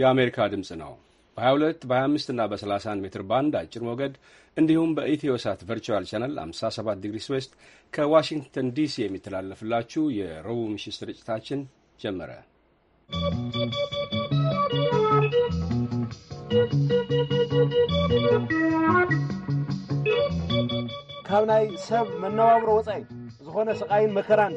የአሜሪካ ድምፅ ነው። በ22 በ25 እና በ31 ሜትር ባንድ አጭር ሞገድ እንዲሁም በኢትዮሳት ቨርቹዋል ቻነል 57 ዲግሪ ስዌስት ከዋሽንግተን ዲሲ የሚተላለፍላችሁ የረቡዕ ምሽት ስርጭታችን ጀመረ። ካብ ናይ ሰብ መነባብሮ ወፃኢ ዝኾነ ስቃይን መከራን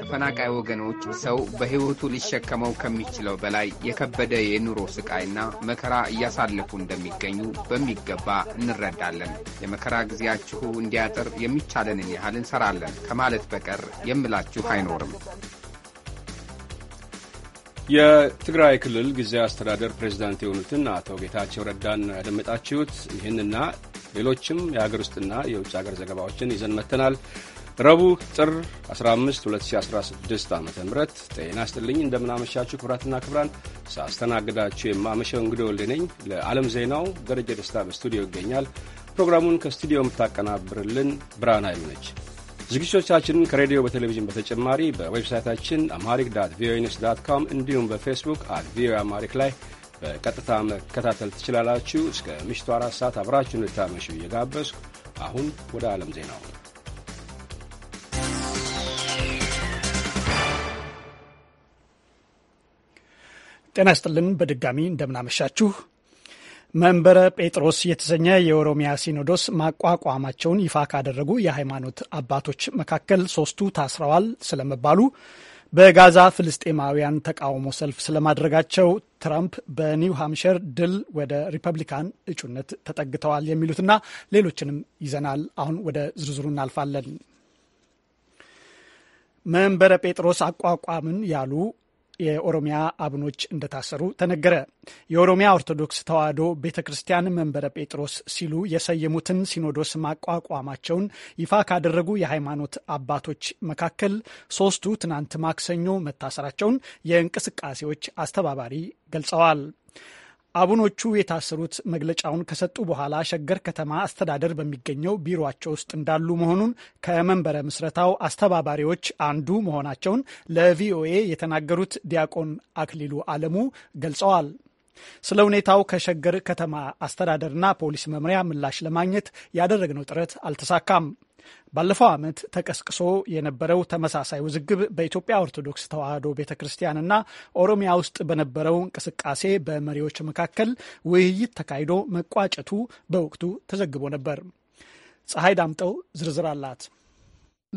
ተፈናቃይ ወገኖች ሰው በሕይወቱ ሊሸከመው ከሚችለው በላይ የከበደ የኑሮ ስቃይና መከራ እያሳለፉ እንደሚገኙ በሚገባ እንረዳለን። የመከራ ጊዜያችሁ እንዲያጥር የሚቻለንን ያህል እንሰራለን ከማለት በቀር የምላችሁ አይኖርም። የትግራይ ክልል ጊዜያዊ አስተዳደር ፕሬዚዳንት የሆኑትን አቶ ጌታቸው ረዳን ያደመጣችሁት። ይህንና ሌሎችም የሀገር ውስጥና የውጭ ሀገር ዘገባዎችን ይዘን መጥተናል። ረቡዕ ጥር 15 2016 ዓ ም ጤና ስጥልኝ። እንደምናመሻችሁ ክቡራትና ክቡራን፣ ሳስተናግዳችሁ የማመሸው እንግዲህ ወልድ ነኝ። ለዓለም ዜናው ደረጀ ደስታ በስቱዲዮ ይገኛል። ፕሮግራሙን ከስቱዲዮ የምታቀናብርልን ብርሃን ኃይሉ ነች። ዝግጅቶቻችንን ከሬዲዮ በቴሌቪዥን በተጨማሪ በዌብሳይታችን አማሪክ ዳት ቪኦኤ ኒውስ ዳት ካም እንዲሁም በፌስቡክ አት ቪኦኤ አማሪክ ላይ በቀጥታ መከታተል ትችላላችሁ። እስከ ምሽቱ አራት ሰዓት አብራችሁ እንድታመሹ እየጋበዝኩ አሁን ወደ ዓለም ዜናው ጤና ይስጥልን በድጋሚ እንደምናመሻችሁ። መንበረ ጴጥሮስ የተሰኘ የኦሮሚያ ሲኖዶስ ማቋቋማቸውን ይፋ ካደረጉ የሃይማኖት አባቶች መካከል ሶስቱ ታስረዋል ስለመባሉ፣ በጋዛ ፍልስጤማውያን ተቃውሞ ሰልፍ ስለማድረጋቸው፣ ትራምፕ በኒው ሃምሽር ድል ወደ ሪፐብሊካን እጩነት ተጠግተዋል የሚሉትና ሌሎችንም ይዘናል። አሁን ወደ ዝርዝሩ እናልፋለን። መንበረ ጴጥሮስ አቋቋምን ያሉ የኦሮሚያ አብኖች እንደታሰሩ ተነገረ። የኦሮሚያ ኦርቶዶክስ ተዋሕዶ ቤተ ክርስቲያን መንበረ ጴጥሮስ ሲሉ የሰየሙትን ሲኖዶስ ማቋቋማቸውን ይፋ ካደረጉ የሃይማኖት አባቶች መካከል ሶስቱ ትናንት ማክሰኞ መታሰራቸውን የእንቅስቃሴዎች አስተባባሪ ገልጸዋል። አቡኖቹ የታሰሩት መግለጫውን ከሰጡ በኋላ ሸገር ከተማ አስተዳደር በሚገኘው ቢሮቸው ውስጥ እንዳሉ መሆኑን ከመንበረ ምስረታው አስተባባሪዎች አንዱ መሆናቸውን ለቪኦኤ የተናገሩት ዲያቆን አክሊሉ አለሙ ገልጸዋል። ስለ ሁኔታው ከሸገር ከተማ አስተዳደርና ፖሊስ መምሪያ ምላሽ ለማግኘት ያደረግነው ጥረት አልተሳካም። ባለፈው ዓመት ተቀስቅሶ የነበረው ተመሳሳይ ውዝግብ በኢትዮጵያ ኦርቶዶክስ ተዋሕዶ ቤተ ክርስቲያንና ኦሮሚያ ውስጥ በነበረው እንቅስቃሴ በመሪዎች መካከል ውይይት ተካሂዶ መቋጨቱ በወቅቱ ተዘግቦ ነበር። ፀሐይ ዳምጠው ዝርዝር አላት።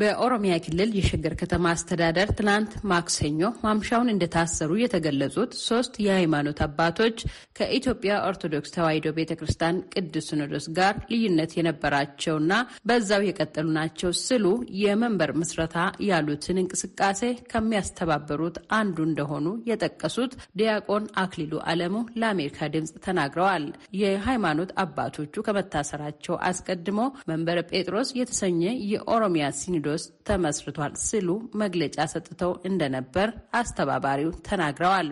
በኦሮሚያ ክልል የሸገር ከተማ አስተዳደር ትናንት ማክሰኞ ማምሻውን እንደታሰሩ የተገለጹት ሶስት የሃይማኖት አባቶች ከኢትዮጵያ ኦርቶዶክስ ተዋሕዶ ቤተ ክርስቲያን ቅዱስ ሲኖዶስ ጋር ልዩነት የነበራቸውና በዛው የቀጠሉ ናቸው ስሉ የመንበር ምስረታ ያሉትን እንቅስቃሴ ከሚያስተባበሩት አንዱ እንደሆኑ የጠቀሱት ዲያቆን አክሊሉ አለሙ ለአሜሪካ ድምፅ ተናግረዋል። የሃይማኖት አባቶቹ ከመታሰራቸው አስቀድሞ መንበረ ጴጥሮስ የተሰኘ የኦሮሚያ ሲኒ ቴዎድሮስ ተመስርቷል ሲሉ መግለጫ ሰጥተው እንደነበር አስተባባሪው ተናግረዋል።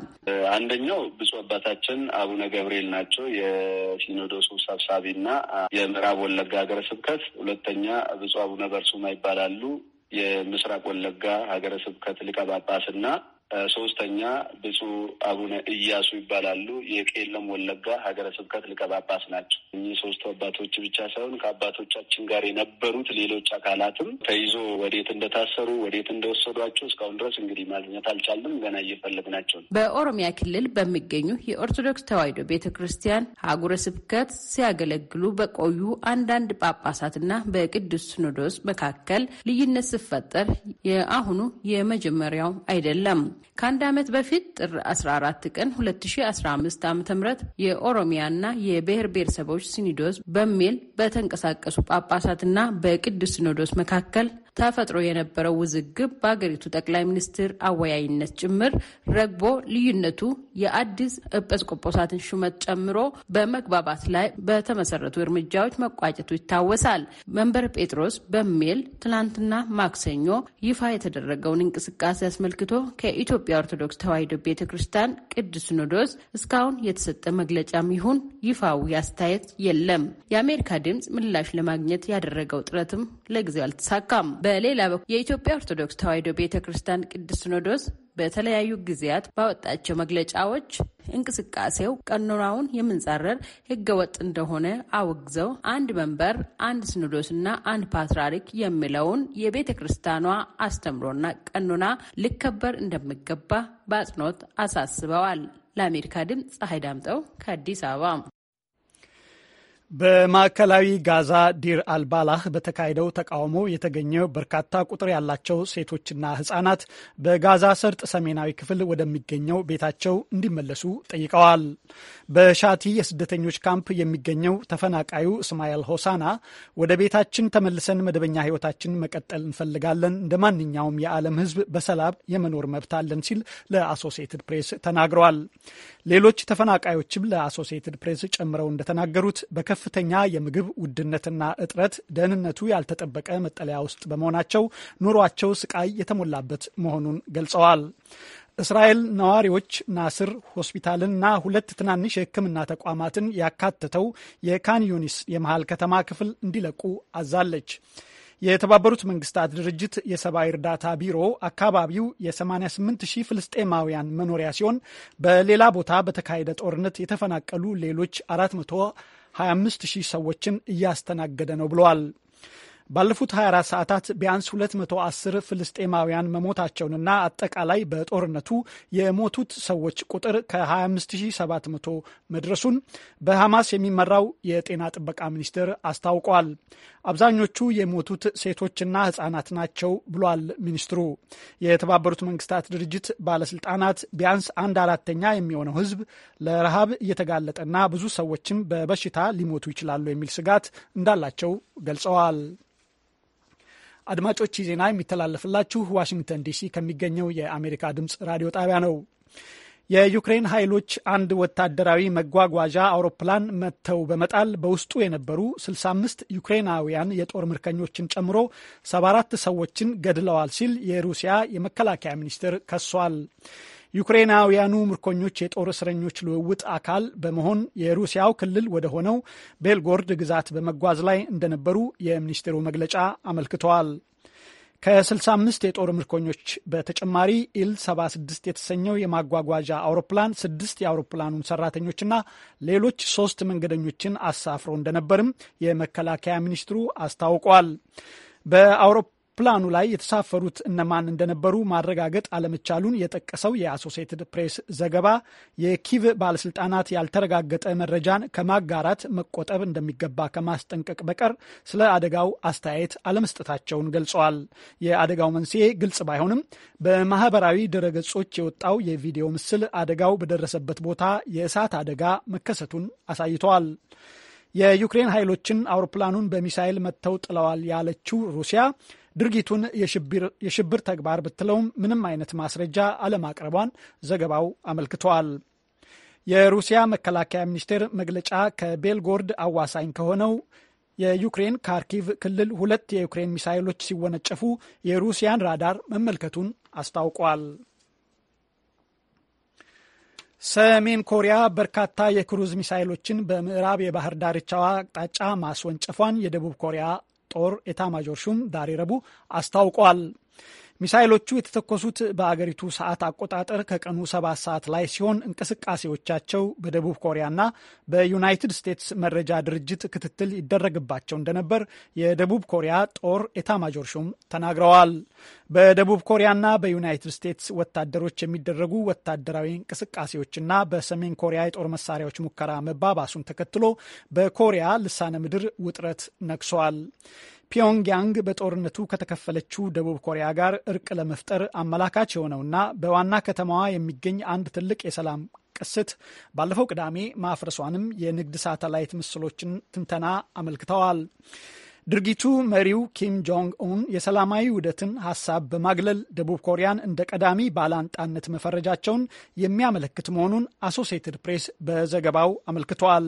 አንደኛው ብፁዕ አባታችን አቡነ ገብርኤል ናቸው የሲኖዶሱ ሰብሳቢና የምዕራብ ወለጋ ሀገረ ስብከት። ሁለተኛ ብፁዕ አቡነ በርሱማ ይባላሉ የምስራቅ ወለጋ ሀገረ ስብከት ሊቀ ጳጳስና ሶስተኛ ብፁዕ አቡነ እያሱ ይባላሉ። የቄለም ወለጋ ሀገረ ስብከት ሊቀ ጳጳስ ናቸው። እኚህ ሶስቱ አባቶች ብቻ ሳይሆን ከአባቶቻችን ጋር የነበሩት ሌሎች አካላትም ተይዞ ወዴት እንደታሰሩ ወዴት እንደወሰዷቸው እስካሁን ድረስ እንግዲህ ማግኘት አልቻለም ገና እየፈለግናቸው ነው። በኦሮሚያ ክልል በሚገኙ የኦርቶዶክስ ተዋሕዶ ቤተ ክርስቲያን ሀገረ ስብከት ሲያገለግሉ በቆዩ አንዳንድ ጳጳሳትና በቅዱስ ሲኖዶስ መካከል ልዩነት ሲፈጠር የአሁኑ የመጀመሪያው አይደለም። ከአንድ ዓመት በፊት ጥር 14 ቀን 2015 ዓ ም የኦሮሚያና የብሔር ብሔረሰቦች ሲኒዶስ በሚል በተንቀሳቀሱ ጳጳሳትና በቅዱስ ሲኖዶስ መካከል ተፈጥሮ የነበረው ውዝግብ በአገሪቱ ጠቅላይ ሚኒስትር አወያይነት ጭምር ረግቦ ልዩነቱ የአዲስ ኤጲስቆጶሳትን ሹመት ጨምሮ በመግባባት ላይ በተመሰረቱ እርምጃዎች መቋጨቱ ይታወሳል። መንበር ጴጥሮስ በሚል ትናንትና ማክሰኞ ይፋ የተደረገውን እንቅስቃሴ አስመልክቶ ከኢትዮጵያ ኦርቶዶክስ ተዋሕዶ ቤተ ክርስቲያን ቅዱስ ሲኖዶስ እስካሁን የተሰጠ መግለጫም ይሁን ይፋዊ አስተያየት የለም። የአሜሪካ ድምፅ ምላሽ ለማግኘት ያደረገው ጥረትም ለጊዜው አልተሳካም። በሌላ በኩል የኢትዮጵያ ኦርቶዶክስ ተዋሕዶ ቤተ ክርስቲያን ቅዱስ ሲኖዶስ በተለያዩ ጊዜያት ባወጣቸው መግለጫዎች እንቅስቃሴው ቀኖናውን የምንጻረር ህገወጥ እንደሆነ አውግዘው አንድ መንበር አንድ ሲኖዶስና አንድ ፓትርያርክ የሚለውን የቤተ ክርስቲያኗ አስተምሮና ቀኖና ሊከበር እንደሚገባ በአጽንኦት አሳስበዋል። ለአሜሪካ ድምፅ ፀሐይ ዳምጠው ከአዲስ አበባ በማዕከላዊ ጋዛ ዲር አልባላህ በተካሄደው ተቃውሞ የተገኘው በርካታ ቁጥር ያላቸው ሴቶችና ህጻናት በጋዛ ሰርጥ ሰሜናዊ ክፍል ወደሚገኘው ቤታቸው እንዲመለሱ ጠይቀዋል። በሻቲ የስደተኞች ካምፕ የሚገኘው ተፈናቃዩ እስማኤል ሆሳና ወደ ቤታችን ተመልሰን መደበኛ ህይወታችን መቀጠል እንፈልጋለን፣ እንደ ማንኛውም የዓለም ህዝብ በሰላም የመኖር መብት አለን ሲል ለአሶሲኤትድ ፕሬስ ተናግረዋል። ሌሎች ተፈናቃዮችም ለአሶሲየትድ ፕሬስ ጨምረው እንደተናገሩት በከፍ ከፍተኛ የምግብ ውድነትና እጥረት፣ ደህንነቱ ያልተጠበቀ መጠለያ ውስጥ በመሆናቸው ኑሯቸው ስቃይ የተሞላበት መሆኑን ገልጸዋል። እስራኤል ነዋሪዎች ናስር ሆስፒታልንና ሁለት ትናንሽ የሕክምና ተቋማትን ያካተተው የካን ዩኒስ የመሃል ከተማ ክፍል እንዲለቁ አዛለች። የተባበሩት መንግስታት ድርጅት የሰብአዊ እርዳታ ቢሮ አካባቢው የ88 ሺህ ፍልስጤማውያን መኖሪያ ሲሆን በሌላ ቦታ በተካሄደ ጦርነት የተፈናቀሉ ሌሎች 400 25 ሺህ ሰዎችን እያስተናገደ ነው ብለዋል። ባለፉት 24 ሰዓታት ቢያንስ 210 ፍልስጤማውያን መሞታቸውንና አጠቃላይ በጦርነቱ የሞቱት ሰዎች ቁጥር ከ25700 መድረሱን በሐማስ የሚመራው የጤና ጥበቃ ሚኒስቴር አስታውቋል። አብዛኞቹ የሞቱት ሴቶችና ህጻናት ናቸው ብሏል ሚኒስትሩ። የተባበሩት መንግስታት ድርጅት ባለስልጣናት ቢያንስ አንድ አራተኛ የሚሆነው ህዝብ ለረሃብ እየተጋለጠና ብዙ ሰዎችም በበሽታ ሊሞቱ ይችላሉ የሚል ስጋት እንዳላቸው ገልጸዋል። አድማጮች፣ ዜና የሚተላለፍላችሁ ዋሽንግተን ዲሲ ከሚገኘው የአሜሪካ ድምፅ ራዲዮ ጣቢያ ነው። የዩክሬን ኃይሎች አንድ ወታደራዊ መጓጓዣ አውሮፕላን መጥተው በመጣል በውስጡ የነበሩ 65 ዩክሬናውያን የጦር ምርኮኞችን ጨምሮ 74 ሰዎችን ገድለዋል ሲል የሩሲያ የመከላከያ ሚኒስቴር ከሷል። ዩክሬናውያኑ ምርኮኞች የጦር እስረኞች ልውውጥ አካል በመሆን የሩሲያው ክልል ወደ ሆነው ቤልጎርድ ግዛት በመጓዝ ላይ እንደነበሩ የሚኒስቴሩ መግለጫ አመልክተዋል። ከ65 የጦር ምርኮኞች በተጨማሪ ኢል 76 የተሰኘው የማጓጓዣ አውሮፕላን ስድስት የአውሮፕላኑን ሰራተኞችና ሌሎች ሶስት መንገደኞችን አሳፍሮ እንደነበርም የመከላከያ ሚኒስትሩ አስታውቋል። ፕላኑ ላይ የተሳፈሩት እነማን እንደነበሩ ማረጋገጥ አለመቻሉን የጠቀሰው የአሶሴትድ ፕሬስ ዘገባ የኪቭ ባለስልጣናት ያልተረጋገጠ መረጃን ከማጋራት መቆጠብ እንደሚገባ ከማስጠንቀቅ በቀር ስለ አደጋው አስተያየት አለመስጠታቸውን ገልጸዋል። የአደጋው መንስኤ ግልጽ ባይሆንም በማህበራዊ ድረገጾች የወጣው የቪዲዮ ምስል አደጋው በደረሰበት ቦታ የእሳት አደጋ መከሰቱን አሳይተዋል። የዩክሬን ኃይሎችን አውሮፕላኑን በሚሳይል መጥተው ጥለዋል ያለችው ሩሲያ ድርጊቱን የሽብር ተግባር ብትለውም ምንም አይነት ማስረጃ አለማቅረቧን ዘገባው አመልክቷል። የሩሲያ መከላከያ ሚኒስቴር መግለጫ ከቤልጎርድ አዋሳኝ ከሆነው የዩክሬን ካርኪቭ ክልል ሁለት የዩክሬን ሚሳይሎች ሲወነጨፉ የሩሲያን ራዳር መመልከቱን አስታውቋል። ሰሜን ኮሪያ በርካታ የክሩዝ ሚሳይሎችን በምዕራብ የባህር ዳርቻዋ አቅጣጫ ማስወንጨፏን የደቡብ ኮሪያ ጦር ኤታማዦር ሹም ዛሬ ረቡዕ አስታውቋል። ሚሳይሎቹ የተተኮሱት በአገሪቱ ሰዓት አቆጣጠር ከቀኑ ሰባት ሰዓት ላይ ሲሆን እንቅስቃሴዎቻቸው በደቡብ ኮሪያና በዩናይትድ ስቴትስ መረጃ ድርጅት ክትትል ይደረግባቸው እንደነበር የደቡብ ኮሪያ ጦር ኤታማጆር ሹም ተናግረዋል። በደቡብ ኮሪያና በዩናይትድ ስቴትስ ወታደሮች የሚደረጉ ወታደራዊ እንቅስቃሴዎችና በሰሜን ኮሪያ የጦር መሳሪያዎች ሙከራ መባባሱን ተከትሎ በኮሪያ ልሳነ ምድር ውጥረት ነግሷል። ፒዮንግያንግ በጦርነቱ ከተከፈለችው ደቡብ ኮሪያ ጋር እርቅ ለመፍጠር አመላካች የሆነውና በዋና ከተማዋ የሚገኝ አንድ ትልቅ የሰላም ቅስት ባለፈው ቅዳሜ ማፍረሷንም የንግድ ሳተላይት ምስሎችን ትንተና አመልክተዋል። ድርጊቱ መሪው ኪም ጆንግ ኡን የሰላማዊ ውህደትን ሀሳብ በማግለል ደቡብ ኮሪያን እንደ ቀዳሚ ባላንጣነት መፈረጃቸውን የሚያመለክት መሆኑን አሶሴትድ ፕሬስ በዘገባው አመልክቷል።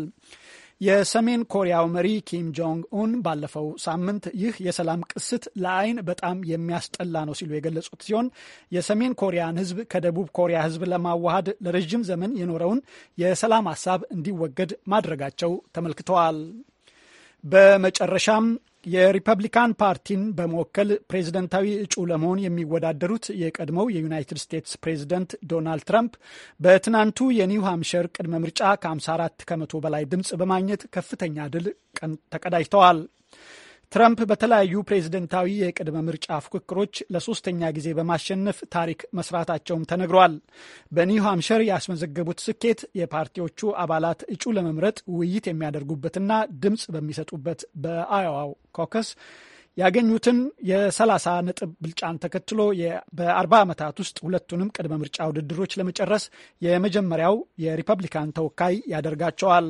የሰሜን ኮሪያው መሪ ኪም ጆንግ ኡን ባለፈው ሳምንት ይህ የሰላም ቅስት ለአይን በጣም የሚያስጠላ ነው ሲሉ የገለጹት ሲሆን የሰሜን ኮሪያን ሕዝብ ከደቡብ ኮሪያ ሕዝብ ለማዋሃድ ለረዥም ዘመን የኖረውን የሰላም ሀሳብ እንዲወገድ ማድረጋቸው ተመልክተዋል። በመጨረሻም የሪፐብሊካን ፓርቲን በመወከል ፕሬዝደንታዊ እጩ ለመሆን የሚወዳደሩት የቀድሞው የዩናይትድ ስቴትስ ፕሬዝደንት ዶናልድ ትራምፕ በትናንቱ የኒው ሃምሽር ቅድመ ምርጫ ከ54 ከመቶ በላይ ድምፅ በማግኘት ከፍተኛ ድል ተቀዳጅተዋል። ትራምፕ በተለያዩ ፕሬዝደንታዊ የቅድመ ምርጫ ፉክክሮች ለሶስተኛ ጊዜ በማሸነፍ ታሪክ መስራታቸውም ተነግሯል። በኒው ሃምሸር ያስመዘገቡት ስኬት የፓርቲዎቹ አባላት እጩ ለመምረጥ ውይይት የሚያደርጉበትና ድምፅ በሚሰጡበት በአዮዋው ኮከስ ያገኙትን የ30 ነጥብ ብልጫን ተከትሎ በ40 ዓመታት ውስጥ ሁለቱንም ቅድመ ምርጫ ውድድሮች ለመጨረስ የመጀመሪያው የሪፐብሊካን ተወካይ ያደርጋቸዋል።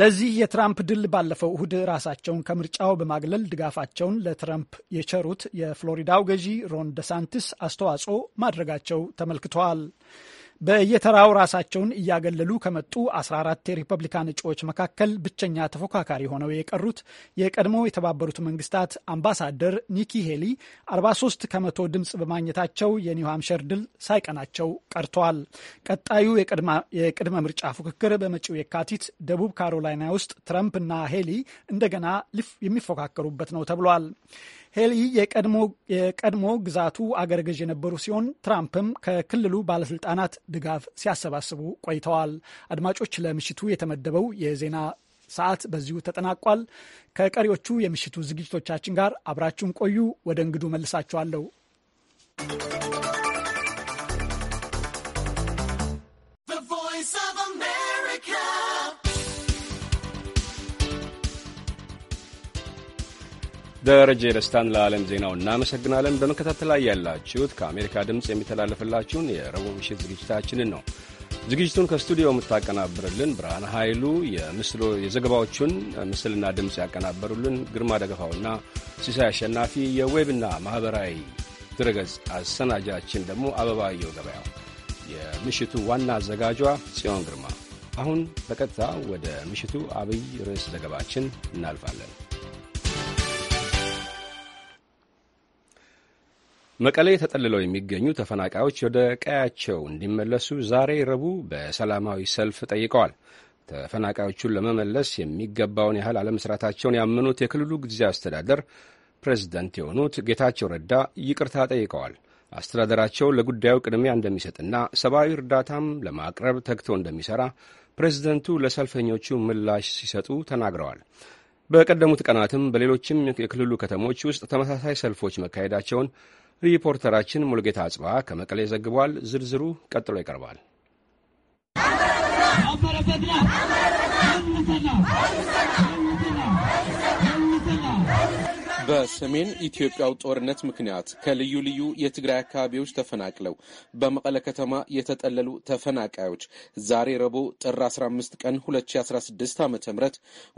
ለዚህ የትራምፕ ድል ባለፈው እሁድ ራሳቸውን ከምርጫው በማግለል ድጋፋቸውን ለትራምፕ የቸሩት የፍሎሪዳው ገዢ ሮን ደሳንቲስ አስተዋጽኦ ማድረጋቸው ተመልክተዋል። በየተራው ራሳቸውን እያገለሉ ከመጡ 14 የሪፐብሊካን እጩዎች መካከል ብቸኛ ተፎካካሪ ሆነው የቀሩት የቀድሞ የተባበሩት መንግስታት አምባሳደር ኒኪ ሄሊ 43 ከመቶ ድምፅ በማግኘታቸው የኒው ሃምሸር ድል ሳይቀናቸው ቀርተዋል። ቀጣዩ የቅድመ ምርጫ ፉክክር በመጪው የካቲት ደቡብ ካሮላይና ውስጥ ትረምፕ እና ሄሊ እንደገና የሚፎካከሩበት ነው ተብሏል። ሄሊ የቀድሞ ግዛቱ አገረ ገዥ የነበሩ ሲሆን ትራምፕም ከክልሉ ባለስልጣናት ድጋፍ ሲያሰባስቡ ቆይተዋል። አድማጮች፣ ለምሽቱ የተመደበው የዜና ሰዓት በዚሁ ተጠናቋል። ከቀሪዎቹ የምሽቱ ዝግጅቶቻችን ጋር አብራችሁን ቆዩ። ወደ እንግዱ መልሳችኋለሁ። ደረጀ ደስታን ለዓለም ዜናው እናመሰግናለን። በመከታተል ላይ ያላችሁት ከአሜሪካ ድምፅ የሚተላለፍላችሁን የረቡዕ ምሽት ዝግጅታችንን ነው። ዝግጅቱን ከስቱዲዮ የምታቀናብርልን ብርሃን ኃይሉ፣ የዘገባዎቹን ምስልና ድምፅ ያቀናበሩልን ግርማ ደገፋውና ሲሳይ አሸናፊ፣ የዌብና ማኅበራዊ ድረገጽ አሰናጃችን ደግሞ አበባየው ገበያው፣ የምሽቱ ዋና አዘጋጇ ጽዮን ግርማ። አሁን በቀጥታ ወደ ምሽቱ አብይ ርዕስ ዘገባችን እናልፋለን። መቀሌ ተጠልለው የሚገኙ ተፈናቃዮች ወደ ቀያቸው እንዲመለሱ ዛሬ ረቡዕ በሰላማዊ ሰልፍ ጠይቀዋል። ተፈናቃዮቹን ለመመለስ የሚገባውን ያህል አለመስራታቸውን ያመኑት የክልሉ ጊዜ አስተዳደር ፕሬዝደንት የሆኑት ጌታቸው ረዳ ይቅርታ ጠይቀዋል። አስተዳደራቸው ለጉዳዩ ቅድሚያ እንደሚሰጥና ሰብአዊ እርዳታም ለማቅረብ ተግቶ እንደሚሠራ ፕሬዝደንቱ ለሰልፈኞቹ ምላሽ ሲሰጡ ተናግረዋል። በቀደሙት ቀናትም በሌሎችም የክልሉ ከተሞች ውስጥ ተመሳሳይ ሰልፎች መካሄዳቸውን ሪፖርተራችን ሙልጌታ አጽባ ከመቀሌ ዘግቧል። ዝርዝሩ ቀጥሎ ይቀርባል። በሰሜን ኢትዮጵያው ጦርነት ምክንያት ከልዩ ልዩ የትግራይ አካባቢዎች ተፈናቅለው በመቀለ ከተማ የተጠለሉ ተፈናቃዮች ዛሬ ረቡዕ ጥር 15 ቀን 2016 ዓ ም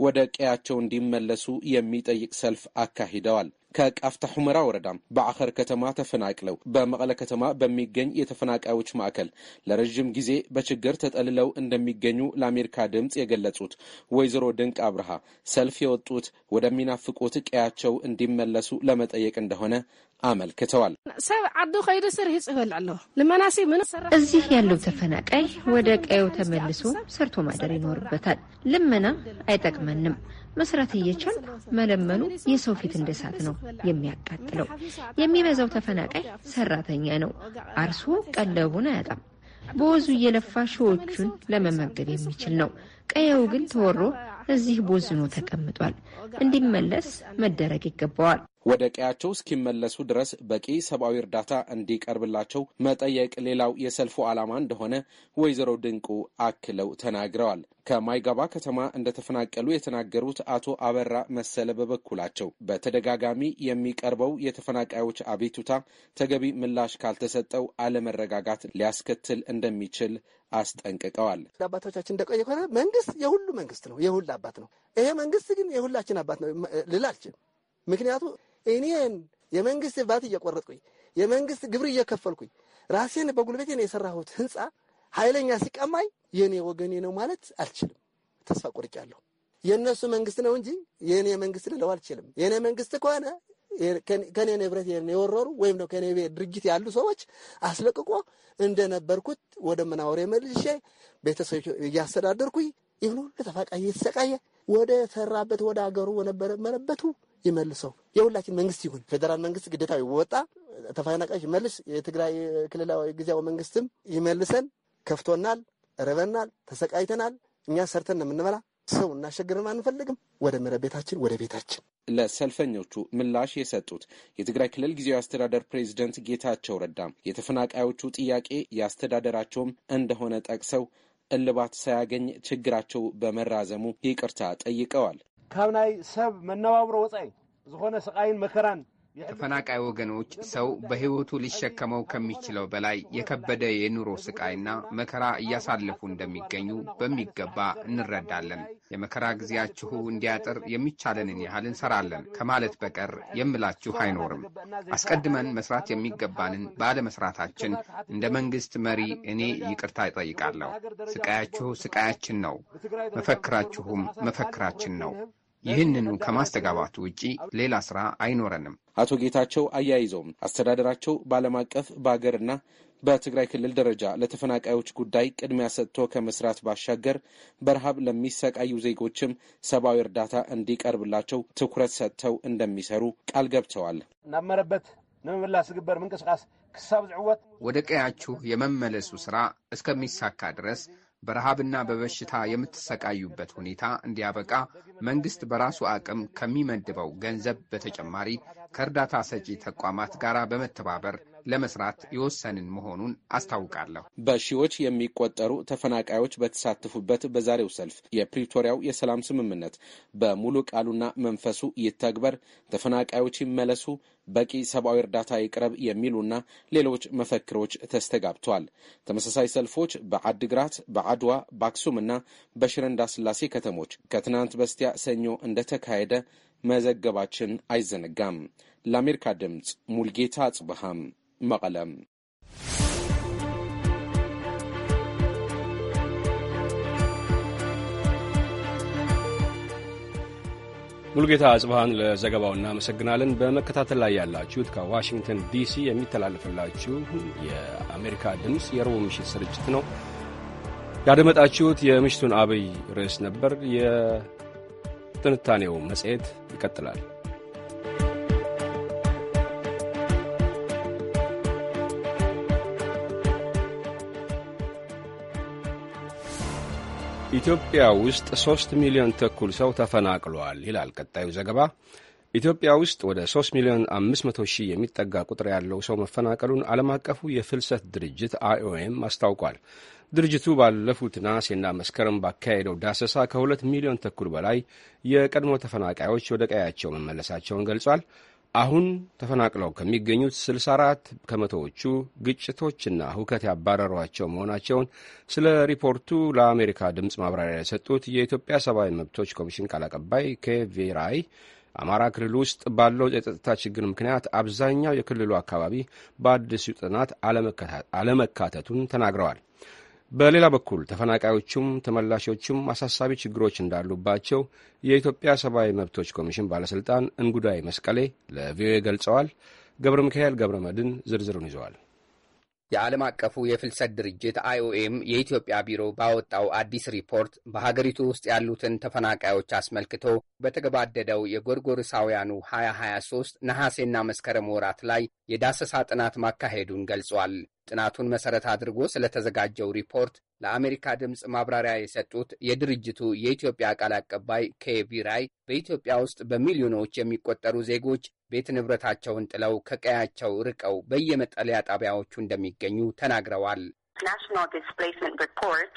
ወደ ቀያቸው እንዲመለሱ የሚጠይቅ ሰልፍ አካሂደዋል። ከቃፍታ ሁመራ ወረዳ በአኸር ከተማ ተፈናቅለው በመቀለ ከተማ በሚገኝ የተፈናቃዮች ማዕከል ለረዥም ጊዜ በችግር ተጠልለው እንደሚገኙ ለአሜሪካ ድምፅ የገለጹት ወይዘሮ ድንቅ አብርሃ ሰልፍ የወጡት ወደሚናፍቁት ቀያቸው እንዲመለሱ ለመጠየቅ እንደሆነ አመልክተዋል። ሰብ ዓዱ ከይዱ ስርሒ ይፅበል ኣሎ ልመናሲ ምን እዚህ ያለው ተፈናቃይ ወደ ቀየው ተመልሶ ሰርቶ ማደር ይኖርበታል። ልመና አይጠቅመንም። መስራት እየቻል መለመኑ የሰው ፊት እንደ እሳት ነው የሚያቃጥለው። የሚበዛው ተፈናቃይ ሰራተኛ ነው። አርሶ ቀለቡን አያጣም። ቦዙ እየለፋ ሺዎቹን ለመመገብ የሚችል ነው። ቀየው ግን ተወሮ እዚህ ቦዝኖ ተቀምጧል። እንዲመለስ መደረግ ይገባዋል። ወደ ቀያቸው እስኪመለሱ ድረስ በቂ ሰብአዊ እርዳታ እንዲቀርብላቸው መጠየቅ ሌላው የሰልፉ ዓላማ እንደሆነ ወይዘሮ ድንቁ አክለው ተናግረዋል። ከማይጋባ ከተማ እንደተፈናቀሉ የተናገሩት አቶ አበራ መሰለ በበኩላቸው በተደጋጋሚ የሚቀርበው የተፈናቃዮች አቤቱታ ተገቢ ምላሽ ካልተሰጠው አለመረጋጋት ሊያስከትል እንደሚችል አስጠንቅቀዋል። አባቶቻችን እንደቆየ ከሆነ መንግስት የሁሉ መንግስት ነው፣ የሁሉ አባት ነው። ይሄ መንግስት ግን የሁላችን አባት ነው ልል አልችልም። ምክንያቱ እኔን የመንግስት ባት እየቆረጥኩኝ የመንግስት ግብር እየከፈልኩኝ ራሴን በጉልበት የሰራሁት ህንፃ ኃይለኛ ሲቀማኝ የእኔ ወገኔ ነው ማለት አልችልም። ተስፋ ቆርጫለሁ። የእነሱ መንግስት ነው እንጂ የእኔ መንግስት ልለው አልችልም። የእኔ መንግስት ከሆነ ከኔ ንብረት የወረሩ ወይም ነው ከኔ ድርጅት ያሉ ሰዎች አስለቅቆ እንደነበርኩት ወደ መናወር የመልሼ ቤተሰብ እያስተዳደርኩኝ ይህን ሁሉ እየተሰቃየ ወደ ሰራበት ወደ አገሩ ነበረበቱ ይመልሰው። የሁላችን መንግስት ይሁን። ፌዴራል መንግስት ግዴታ ይወጣ፣ ተፈናቃዮች ይመልስ። የትግራይ ክልላዊ ጊዜያዊ መንግስትም ይመልሰን። ከፍቶናል፣ ረበናል፣ ተሰቃይተናል። እኛ ሰርተን ነው የምንበላ። ሰው እናሸግርም አንፈልግም። ወደ ምረ ቤታችን ወደ ቤታችን። ለሰልፈኞቹ ምላሽ የሰጡት የትግራይ ክልል ጊዜያዊ አስተዳደር ፕሬዚደንት ጌታቸው ረዳ የተፈናቃዮቹ ጥያቄ የአስተዳደራቸውም እንደሆነ ጠቅሰው እልባት ሳያገኝ ችግራቸው በመራዘሙ ይቅርታ ጠይቀዋል። ካብ ናይ ሰብ መነባብሮ ወፃኢ ዝኾነ ስቃይን መከራን ተፈናቃይ ወገኖች ሰው በሕይወቱ ሊሸከመው ከሚችለው በላይ የከበደ የኑሮ ስቃይና መከራ እያሳለፉ እንደሚገኙ በሚገባ እንረዳለን። የመከራ ጊዜያችሁ እንዲያጥር የሚቻለንን ያህል እንሰራለን ከማለት በቀር የምላችሁ አይኖርም። አስቀድመን መስራት የሚገባንን ባለመስራታችን እንደ መንግስት መሪ እኔ ይቅርታ እጠይቃለሁ። ስቃያችሁ ስቃያችን ነው፣ መፈክራችሁም መፈክራችን ነው። ይህንኑ ከማስተጋባቱ ውጪ ሌላ ስራ አይኖረንም። አቶ ጌታቸው አያይዘውም አስተዳደራቸው በዓለም አቀፍ በሀገርና በትግራይ ክልል ደረጃ ለተፈናቃዮች ጉዳይ ቅድሚያ ሰጥቶ ከመስራት ባሻገር በረሃብ ለሚሰቃዩ ዜጎችም ሰብአዊ እርዳታ እንዲቀርብላቸው ትኩረት ሰጥተው እንደሚሰሩ ቃል ገብተዋል። ናመረበት ንምምላስ ዝግበር ምንቅስቃስ ክሳብ ዝዕወት ወደ ቀያችሁ የመመለሱ ስራ እስከሚሳካ ድረስ በረሃብና በበሽታ የምትሰቃዩበት ሁኔታ እንዲያበቃ መንግስት በራሱ አቅም ከሚመድበው ገንዘብ በተጨማሪ ከእርዳታ ሰጪ ተቋማት ጋር በመተባበር ለመስራት የወሰንን መሆኑን አስታውቃለሁ። በሺዎች የሚቆጠሩ ተፈናቃዮች በተሳተፉበት በዛሬው ሰልፍ የፕሪቶሪያው የሰላም ስምምነት በሙሉ ቃሉና መንፈሱ ይተግበር፣ ተፈናቃዮች ይመለሱ፣ በቂ ሰብአዊ እርዳታ ይቅረብ የሚሉና ሌሎች መፈክሮች ተስተጋብተዋል። ተመሳሳይ ሰልፎች በአድግራት፣ በአድዋ፣ በአክሱም እና በሽረንዳ ስላሴ ከተሞች ከትናንት በስቲያ ሰኞ እንደተካሄደ መዘገባችን አይዘነጋም። ለአሜሪካ ድምፅ ሙልጌታ አጽብሃም መቐለ። ሙሉጌታ አጽብሃን ለዘገባው እናመሰግናለን። በመከታተል ላይ ያላችሁት ከዋሽንግተን ዲሲ የሚተላለፍላችሁ የአሜሪካ ድምፅ የረቡዕ ምሽት ስርጭት ነው። ያደመጣችሁት የምሽቱን አብይ ርዕስ ነበር። የትንታኔው መጽሔት ይቀጥላል። ኢትዮጵያ ውስጥ ሶስት ሚሊዮን ተኩል ሰው ተፈናቅሏል ይላል ቀጣዩ ዘገባ። ኢትዮጵያ ውስጥ ወደ 3 ሚሊዮን 500 ሺህ የሚጠጋ ቁጥር ያለው ሰው መፈናቀሉን ዓለም አቀፉ የፍልሰት ድርጅት አይኦኤም አስታውቋል። ድርጅቱ ባለፉት ነሐሴና መስከረም ባካሄደው ዳሰሳ ከሁለት ሚሊዮን ተኩል በላይ የቀድሞ ተፈናቃዮች ወደ ቀያቸው መመለሳቸውን ገልጿል። አሁን ተፈናቅለው ከሚገኙት 64 ከመቶዎቹ ግጭቶችና ሁከት ያባረሯቸው መሆናቸውን ስለ ሪፖርቱ ለአሜሪካ ድምፅ ማብራሪያ የሰጡት የኢትዮጵያ ሰብአዊ መብቶች ኮሚሽን ቃል አቀባይ ከቬራይ አማራ ክልል ውስጥ ባለው የጸጥታ ችግር ምክንያት አብዛኛው የክልሉ አካባቢ በአዲሱ ጥናት አለመካተቱን ተናግረዋል። በሌላ በኩል ተፈናቃዮቹም ተመላሾቹም አሳሳቢ ችግሮች እንዳሉባቸው የኢትዮጵያ ሰብአዊ መብቶች ኮሚሽን ባለሥልጣን እንጉዳይ መስቀሌ ለቪኦኤ ገልጸዋል። ገብረ ሚካኤል ገብረ መድን ዝርዝሩን ይዘዋል። የዓለም አቀፉ የፍልሰት ድርጅት አይኦኤም የኢትዮጵያ ቢሮ ባወጣው አዲስ ሪፖርት በሀገሪቱ ውስጥ ያሉትን ተፈናቃዮች አስመልክቶ በተገባደደው የጎርጎርሳውያኑ 2023 ነሐሴና መስከረም ወራት ላይ የዳሰሳ ጥናት ማካሄዱን ገልጿል። ጥናቱን መሰረት አድርጎ ስለተዘጋጀው ሪፖርት ለአሜሪካ ድምፅ ማብራሪያ የሰጡት የድርጅቱ የኢትዮጵያ ቃል አቀባይ ኬቪ ራይ በኢትዮጵያ ውስጥ በሚሊዮኖች የሚቆጠሩ ዜጎች ቤት ንብረታቸውን ጥለው ከቀያቸው ርቀው በየመጠለያ ጣቢያዎቹ እንደሚገኙ ተናግረዋል። ናሽናል ዲስፕሌይስመንት ሪፖርት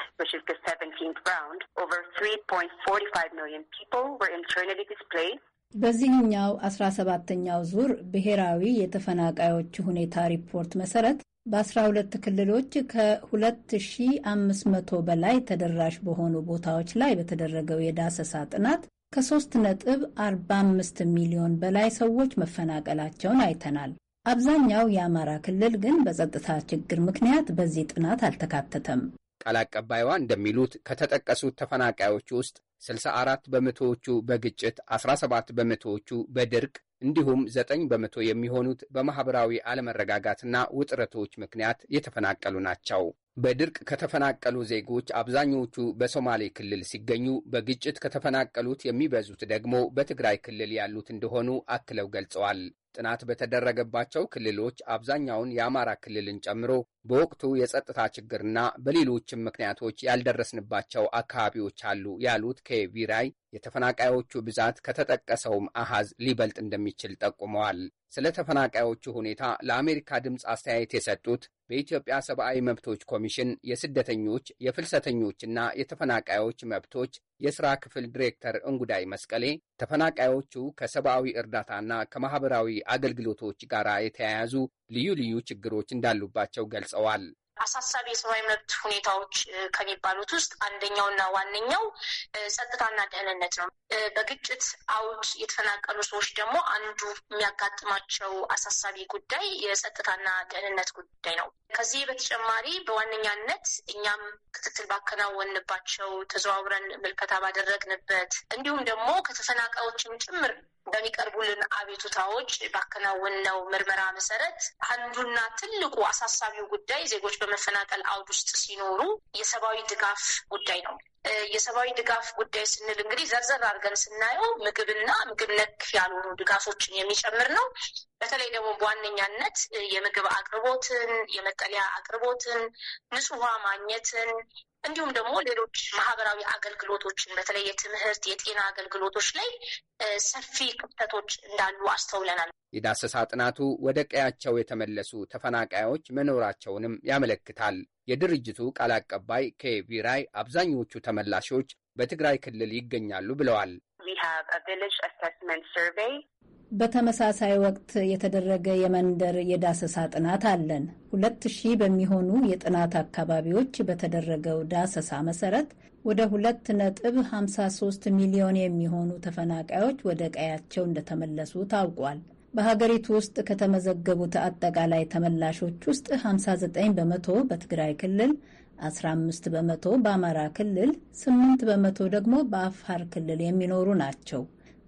በዚህኛው 17ኛው ዙር ብሔራዊ የተፈናቃዮች ሁኔታ ሪፖርት መሰረት በ12 ክልሎች ከ2500 በላይ ተደራሽ በሆኑ ቦታዎች ላይ በተደረገው የዳሰሳ ጥናት ከ3.45 ሚሊዮን በላይ ሰዎች መፈናቀላቸውን አይተናል። አብዛኛው የአማራ ክልል ግን በጸጥታ ችግር ምክንያት በዚህ ጥናት አልተካተተም። ቃል አቀባይዋ እንደሚሉት ከተጠቀሱት ተፈናቃዮች ውስጥ 64 በመቶዎቹ በግጭት፣ 17 በመቶዎቹ በድርቅ፣ እንዲሁም ዘጠኝ በመቶ የሚሆኑት በማህበራዊ አለመረጋጋትና ውጥረቶች ምክንያት የተፈናቀሉ ናቸው። በድርቅ ከተፈናቀሉ ዜጎች አብዛኞቹ በሶማሌ ክልል ሲገኙ በግጭት ከተፈናቀሉት የሚበዙት ደግሞ በትግራይ ክልል ያሉት እንደሆኑ አክለው ገልጸዋል። ጥናት በተደረገባቸው ክልሎች አብዛኛውን የአማራ ክልልን ጨምሮ በወቅቱ የጸጥታ ችግርና በሌሎችም ምክንያቶች ያልደረስንባቸው አካባቢዎች አሉ ያሉት ከቪራይ የተፈናቃዮቹ ብዛት ከተጠቀሰውም አሃዝ ሊበልጥ እንደሚችል ጠቁመዋል። ስለ ተፈናቃዮቹ ሁኔታ ለአሜሪካ ድምፅ አስተያየት የሰጡት በኢትዮጵያ ሰብአዊ መብቶች ኮሚሽን የስደተኞች የፍልሰተኞችና የተፈናቃዮች መብቶች የሥራ ክፍል ዲሬክተር እንጉዳይ መስቀሌ ተፈናቃዮቹ ከሰብአዊ እርዳታና ከማኅበራዊ አገልግሎቶች ጋር የተያያዙ ልዩ ልዩ ችግሮች እንዳሉባቸው ገልጸዋል። አሳሳቢ የሰብአዊ መብት ሁኔታዎች ከሚባሉት ውስጥ አንደኛውና ዋነኛው ጸጥታና ደህንነት ነው። በግጭት አውድ የተፈናቀሉ ሰዎች ደግሞ አንዱ የሚያጋጥማቸው አሳሳቢ ጉዳይ የጸጥታና ደህንነት ጉዳይ ነው። ከዚህ በተጨማሪ በዋነኛነት እኛም ክትትል ባከናወንባቸው ተዘዋውረን ምልከታ ባደረግንበት እንዲሁም ደግሞ ከተፈናቃዮችም ጭምር በሚቀርቡልን አቤቱታዎች ባከናወንነው ምርመራ መሰረት አንዱና ትልቁ አሳሳቢው ጉዳይ ዜጎች በመፈናቀል አውድ ውስጥ ሲኖሩ የሰብአዊ ድጋፍ ጉዳይ ነው። የሰብአዊ ድጋፍ ጉዳይ ስንል እንግዲህ ዘርዘር አድርገን ስናየው ምግብና ምግብ ነክ ያልሆኑ ድጋፎችን የሚጨምር ነው። በተለይ ደግሞ በዋነኛነት የምግብ አቅርቦትን፣ የመጠለያ አቅርቦትን፣ ንጹህ ውሃ ማግኘትን፣ እንዲሁም ደግሞ ሌሎች ማህበራዊ አገልግሎቶችን በተለይ የትምህርት፣ የጤና አገልግሎቶች ላይ ሰፊ ክፍተቶች እንዳሉ አስተውለናል። የዳሰሳ ጥናቱ ወደ ቀያቸው የተመለሱ ተፈናቃዮች መኖራቸውንም ያመለክታል። የድርጅቱ ቃል አቀባይ ከቪራይ አብዛኞቹ ተመላሾች በትግራይ ክልል ይገኛሉ ብለዋል። በተመሳሳይ ወቅት የተደረገ የመንደር የዳሰሳ ጥናት አለን። ሁለት ሺህ በሚሆኑ የጥናት አካባቢዎች በተደረገው ዳሰሳ መሰረት ወደ ሁለት ነጥብ ሀምሳ ሶስት ሚሊዮን የሚሆኑ ተፈናቃዮች ወደ ቀያቸው እንደተመለሱ ታውቋል። በሀገሪቱ ውስጥ ከተመዘገቡት አጠቃላይ ተመላሾች ውስጥ 59 በመቶ በትግራይ ክልል፣ 15 በመቶ በአማራ ክልል፣ 8 በመቶ ደግሞ በአፋር ክልል የሚኖሩ ናቸው።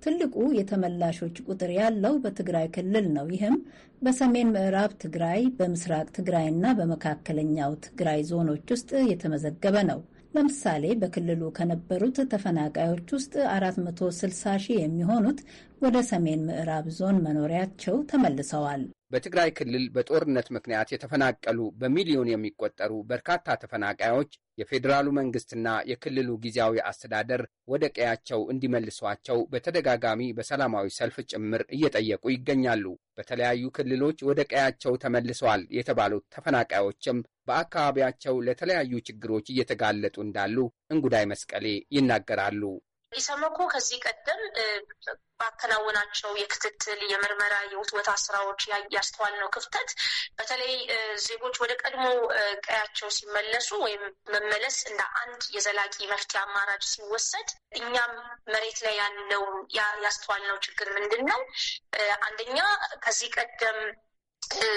ትልቁ የተመላሾች ቁጥር ያለው በትግራይ ክልል ነው። ይህም በሰሜን ምዕራብ ትግራይ፣ በምስራቅ ትግራይ እና በመካከለኛው ትግራይ ዞኖች ውስጥ የተመዘገበ ነው። ለምሳሌ በክልሉ ከነበሩት ተፈናቃዮች ውስጥ 460 ሺህ የሚሆኑት ወደ ሰሜን ምዕራብ ዞን መኖሪያቸው ተመልሰዋል። በትግራይ ክልል በጦርነት ምክንያት የተፈናቀሉ በሚሊዮን የሚቆጠሩ በርካታ ተፈናቃዮች የፌዴራሉ መንግስትና የክልሉ ጊዜያዊ አስተዳደር ወደ ቀያቸው እንዲመልሷቸው በተደጋጋሚ በሰላማዊ ሰልፍ ጭምር እየጠየቁ ይገኛሉ። በተለያዩ ክልሎች ወደ ቀያቸው ተመልሰዋል የተባሉት ተፈናቃዮችም በአካባቢያቸው ለተለያዩ ችግሮች እየተጋለጡ እንዳሉ እንጉዳይ መስቀሌ ይናገራሉ። ኢሰመኮ ከዚህ ቀደም ባከናወናቸው የክትትል የምርመራ የውትወታ ስራዎች ያስተዋልነው ክፍተት በተለይ ዜጎች ወደ ቀድሞ ቀያቸው ሲመለሱ ወይም መመለስ እንደ አንድ የዘላቂ መፍትሄ አማራጭ ሲወሰድ እኛም መሬት ላይ ያለው ያስተዋልነው ችግር ምንድን ነው? አንደኛ ከዚህ ቀደም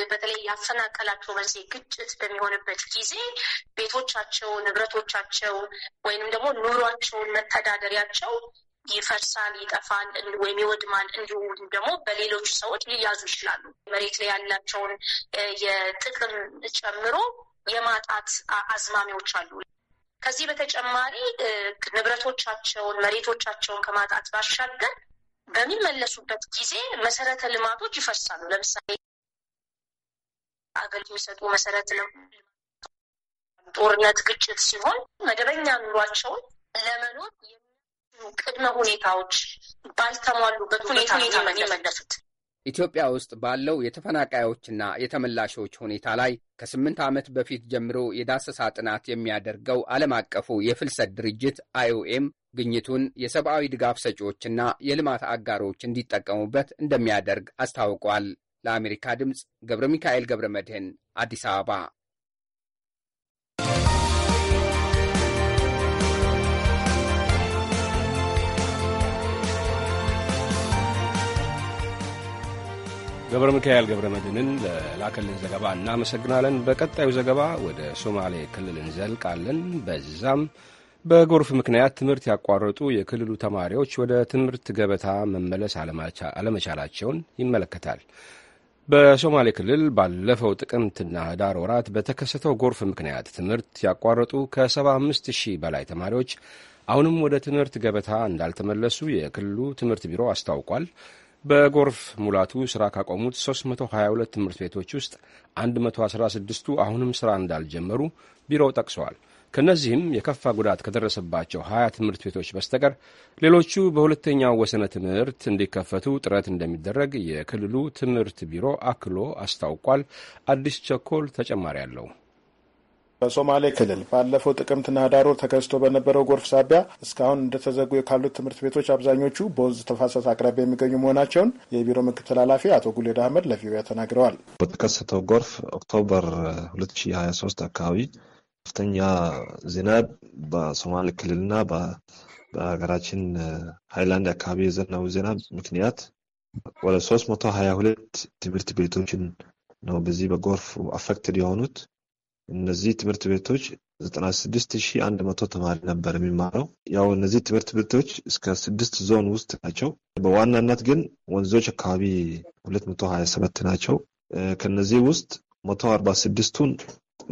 በተለይ ያፈናቀላቸው መንስኤ ግጭት በሚሆንበት ጊዜ ቤቶቻቸው፣ ንብረቶቻቸው ወይንም ደግሞ ኑሯቸውን መተዳደሪያቸው ይፈርሳል፣ ይጠፋል ወይም ይወድማል። እንዲሁም ደግሞ በሌሎች ሰዎች ሊያዙ ይችላሉ። መሬት ላይ ያላቸውን የጥቅም ጨምሮ የማጣት አዝማሚዎች አሉ። ከዚህ በተጨማሪ ንብረቶቻቸውን፣ መሬቶቻቸውን ከማጣት ባሻገር በሚመለሱበት ጊዜ መሰረተ ልማቶች ይፈርሳሉ። ለምሳሌ አገልግሎት የሚሰጡ መሰረት ነው። ጦርነት፣ ግጭት ሲሆን መደበኛ ኑሯቸውን ለመኖር ቅድመ ሁኔታዎች ባልተሟሉበት ሁኔታ የመለሱት። ኢትዮጵያ ውስጥ ባለው የተፈናቃዮችና የተመላሾች ሁኔታ ላይ ከስምንት ዓመት በፊት ጀምሮ የዳሰሳ ጥናት የሚያደርገው ዓለም አቀፉ የፍልሰት ድርጅት አይኦኤም ግኝቱን የሰብአዊ ድጋፍ ሰጪዎችና የልማት አጋሮች እንዲጠቀሙበት እንደሚያደርግ አስታውቋል። ለአሜሪካ ድምፅ ገብረ ሚካኤል ገብረ መድህን አዲስ አበባ። ገብረ ሚካኤል ገብረ መድህንን ለላከልን ዘገባ እናመሰግናለን። በቀጣዩ ዘገባ ወደ ሶማሌ ክልል እንዘልቃለን። በዛም በጎርፍ ምክንያት ትምህርት ያቋረጡ የክልሉ ተማሪዎች ወደ ትምህርት ገበታ መመለስ አለመቻላቸውን ይመለከታል። በሶማሌ ክልል ባለፈው ጥቅምትና ህዳር ወራት በተከሰተው ጎርፍ ምክንያት ትምህርት ያቋረጡ ከ75 ሺህ በላይ ተማሪዎች አሁንም ወደ ትምህርት ገበታ እንዳልተመለሱ የክልሉ ትምህርት ቢሮ አስታውቋል። በጎርፍ ሙላቱ ሥራ ካቆሙት 322 ትምህርት ቤቶች ውስጥ 116ቱ አሁንም ሥራ እንዳልጀመሩ ቢሮው ጠቅሰዋል። ከእነዚህም የከፋ ጉዳት ከደረሰባቸው ሀያ ትምህርት ቤቶች በስተቀር ሌሎቹ በሁለተኛው ወሰነ ትምህርት እንዲከፈቱ ጥረት እንደሚደረግ የክልሉ ትምህርት ቢሮ አክሎ አስታውቋል። አዲስ ቸኮል ተጨማሪ አለው። በሶማሌ ክልል ባለፈው ጥቅምትና ዳር ወር ተከስቶ በነበረው ጎርፍ ሳቢያ እስካሁን እንደተዘጉ ካሉት ትምህርት ቤቶች አብዛኞቹ በወንዝ ተፋሰስ አቅራቢያ የሚገኙ መሆናቸውን የቢሮ ምክትል ኃላፊ አቶ ጉሌድ አህመድ ለቪኦኤ ተናግረዋል። በተከሰተው ጎርፍ ኦክቶበር 2023 አካባቢ ከፍተኛ ዜና በሶማሌ ክልልና በሀገራችን ሀይላንድ አካባቢ የዘናው ዜና ምክንያት ወደ ሶስት መቶ ሀያ ሁለት ትምህርት ቤቶችን ነው በዚህ በጎርፍ አፌክትድ የሆኑት። እነዚህ ትምህርት ቤቶች ዘጠና ስድስት ሺ አንድ መቶ ተማሪ ነበር የሚማረው። ያው እነዚህ ትምህርት ቤቶች እስከ ስድስት ዞን ውስጥ ናቸው። በዋናነት ግን ወንዞች አካባቢ ሁለት መቶ ሀያ ሰባት ናቸው። ከነዚህ ውስጥ መቶ አርባ ስድስቱን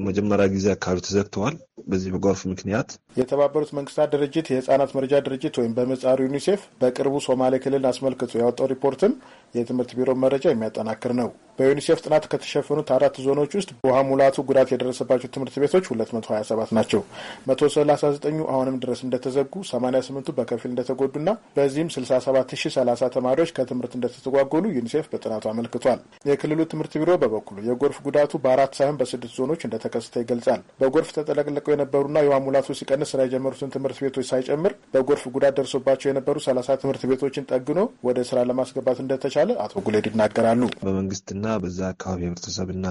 መጀመሪያ ጊዜ አካባቢ ተዘግተዋል። በዚህ በጎርፍ ምክንያት የተባበሩት መንግስታት ድርጅት የህጻናት መረጃ ድርጅት ወይም በምህጻሩ ዩኒሴፍ በቅርቡ ሶማሌ ክልልን አስመልክቶ ያወጣው ሪፖርትም የትምህርት ቢሮ መረጃ የሚያጠናክር ነው። በዩኒሴፍ ጥናት ከተሸፈኑት አራት ዞኖች ውስጥ በውሃ ሙላቱ ጉዳት የደረሰባቸው ትምህርት ቤቶች 227 ናቸው። 139ኙ አሁንም ድረስ እንደተዘጉ፣ 88ቱ በከፊል እንደተጎዱና በዚህም 67030 ተማሪዎች ከትምህርት እንደተተጓጎሉ ዩኒሴፍ በጥናቱ አመልክቷል። የክልሉ ትምህርት ቢሮ በበኩሉ የጎርፍ ጉዳቱ በአራት ሳይሆን በስድስት ዞኖች እንደ ተከስተው ይገልጻል። በጎርፍ ተጠለቅልቀው የነበሩና የውሃ ሙላቱ ሲቀንስ ስራ የጀመሩትን ትምህርት ቤቶች ሳይጨምር በጎርፍ ጉዳት ደርሶባቸው የነበሩ ሰላሳ ትምህርት ቤቶችን ጠግኖ ወደ ስራ ለማስገባት እንደተቻለ አቶ ጉሌድ ይናገራሉ። በመንግስትና በዛ አካባቢ ህብረተሰብና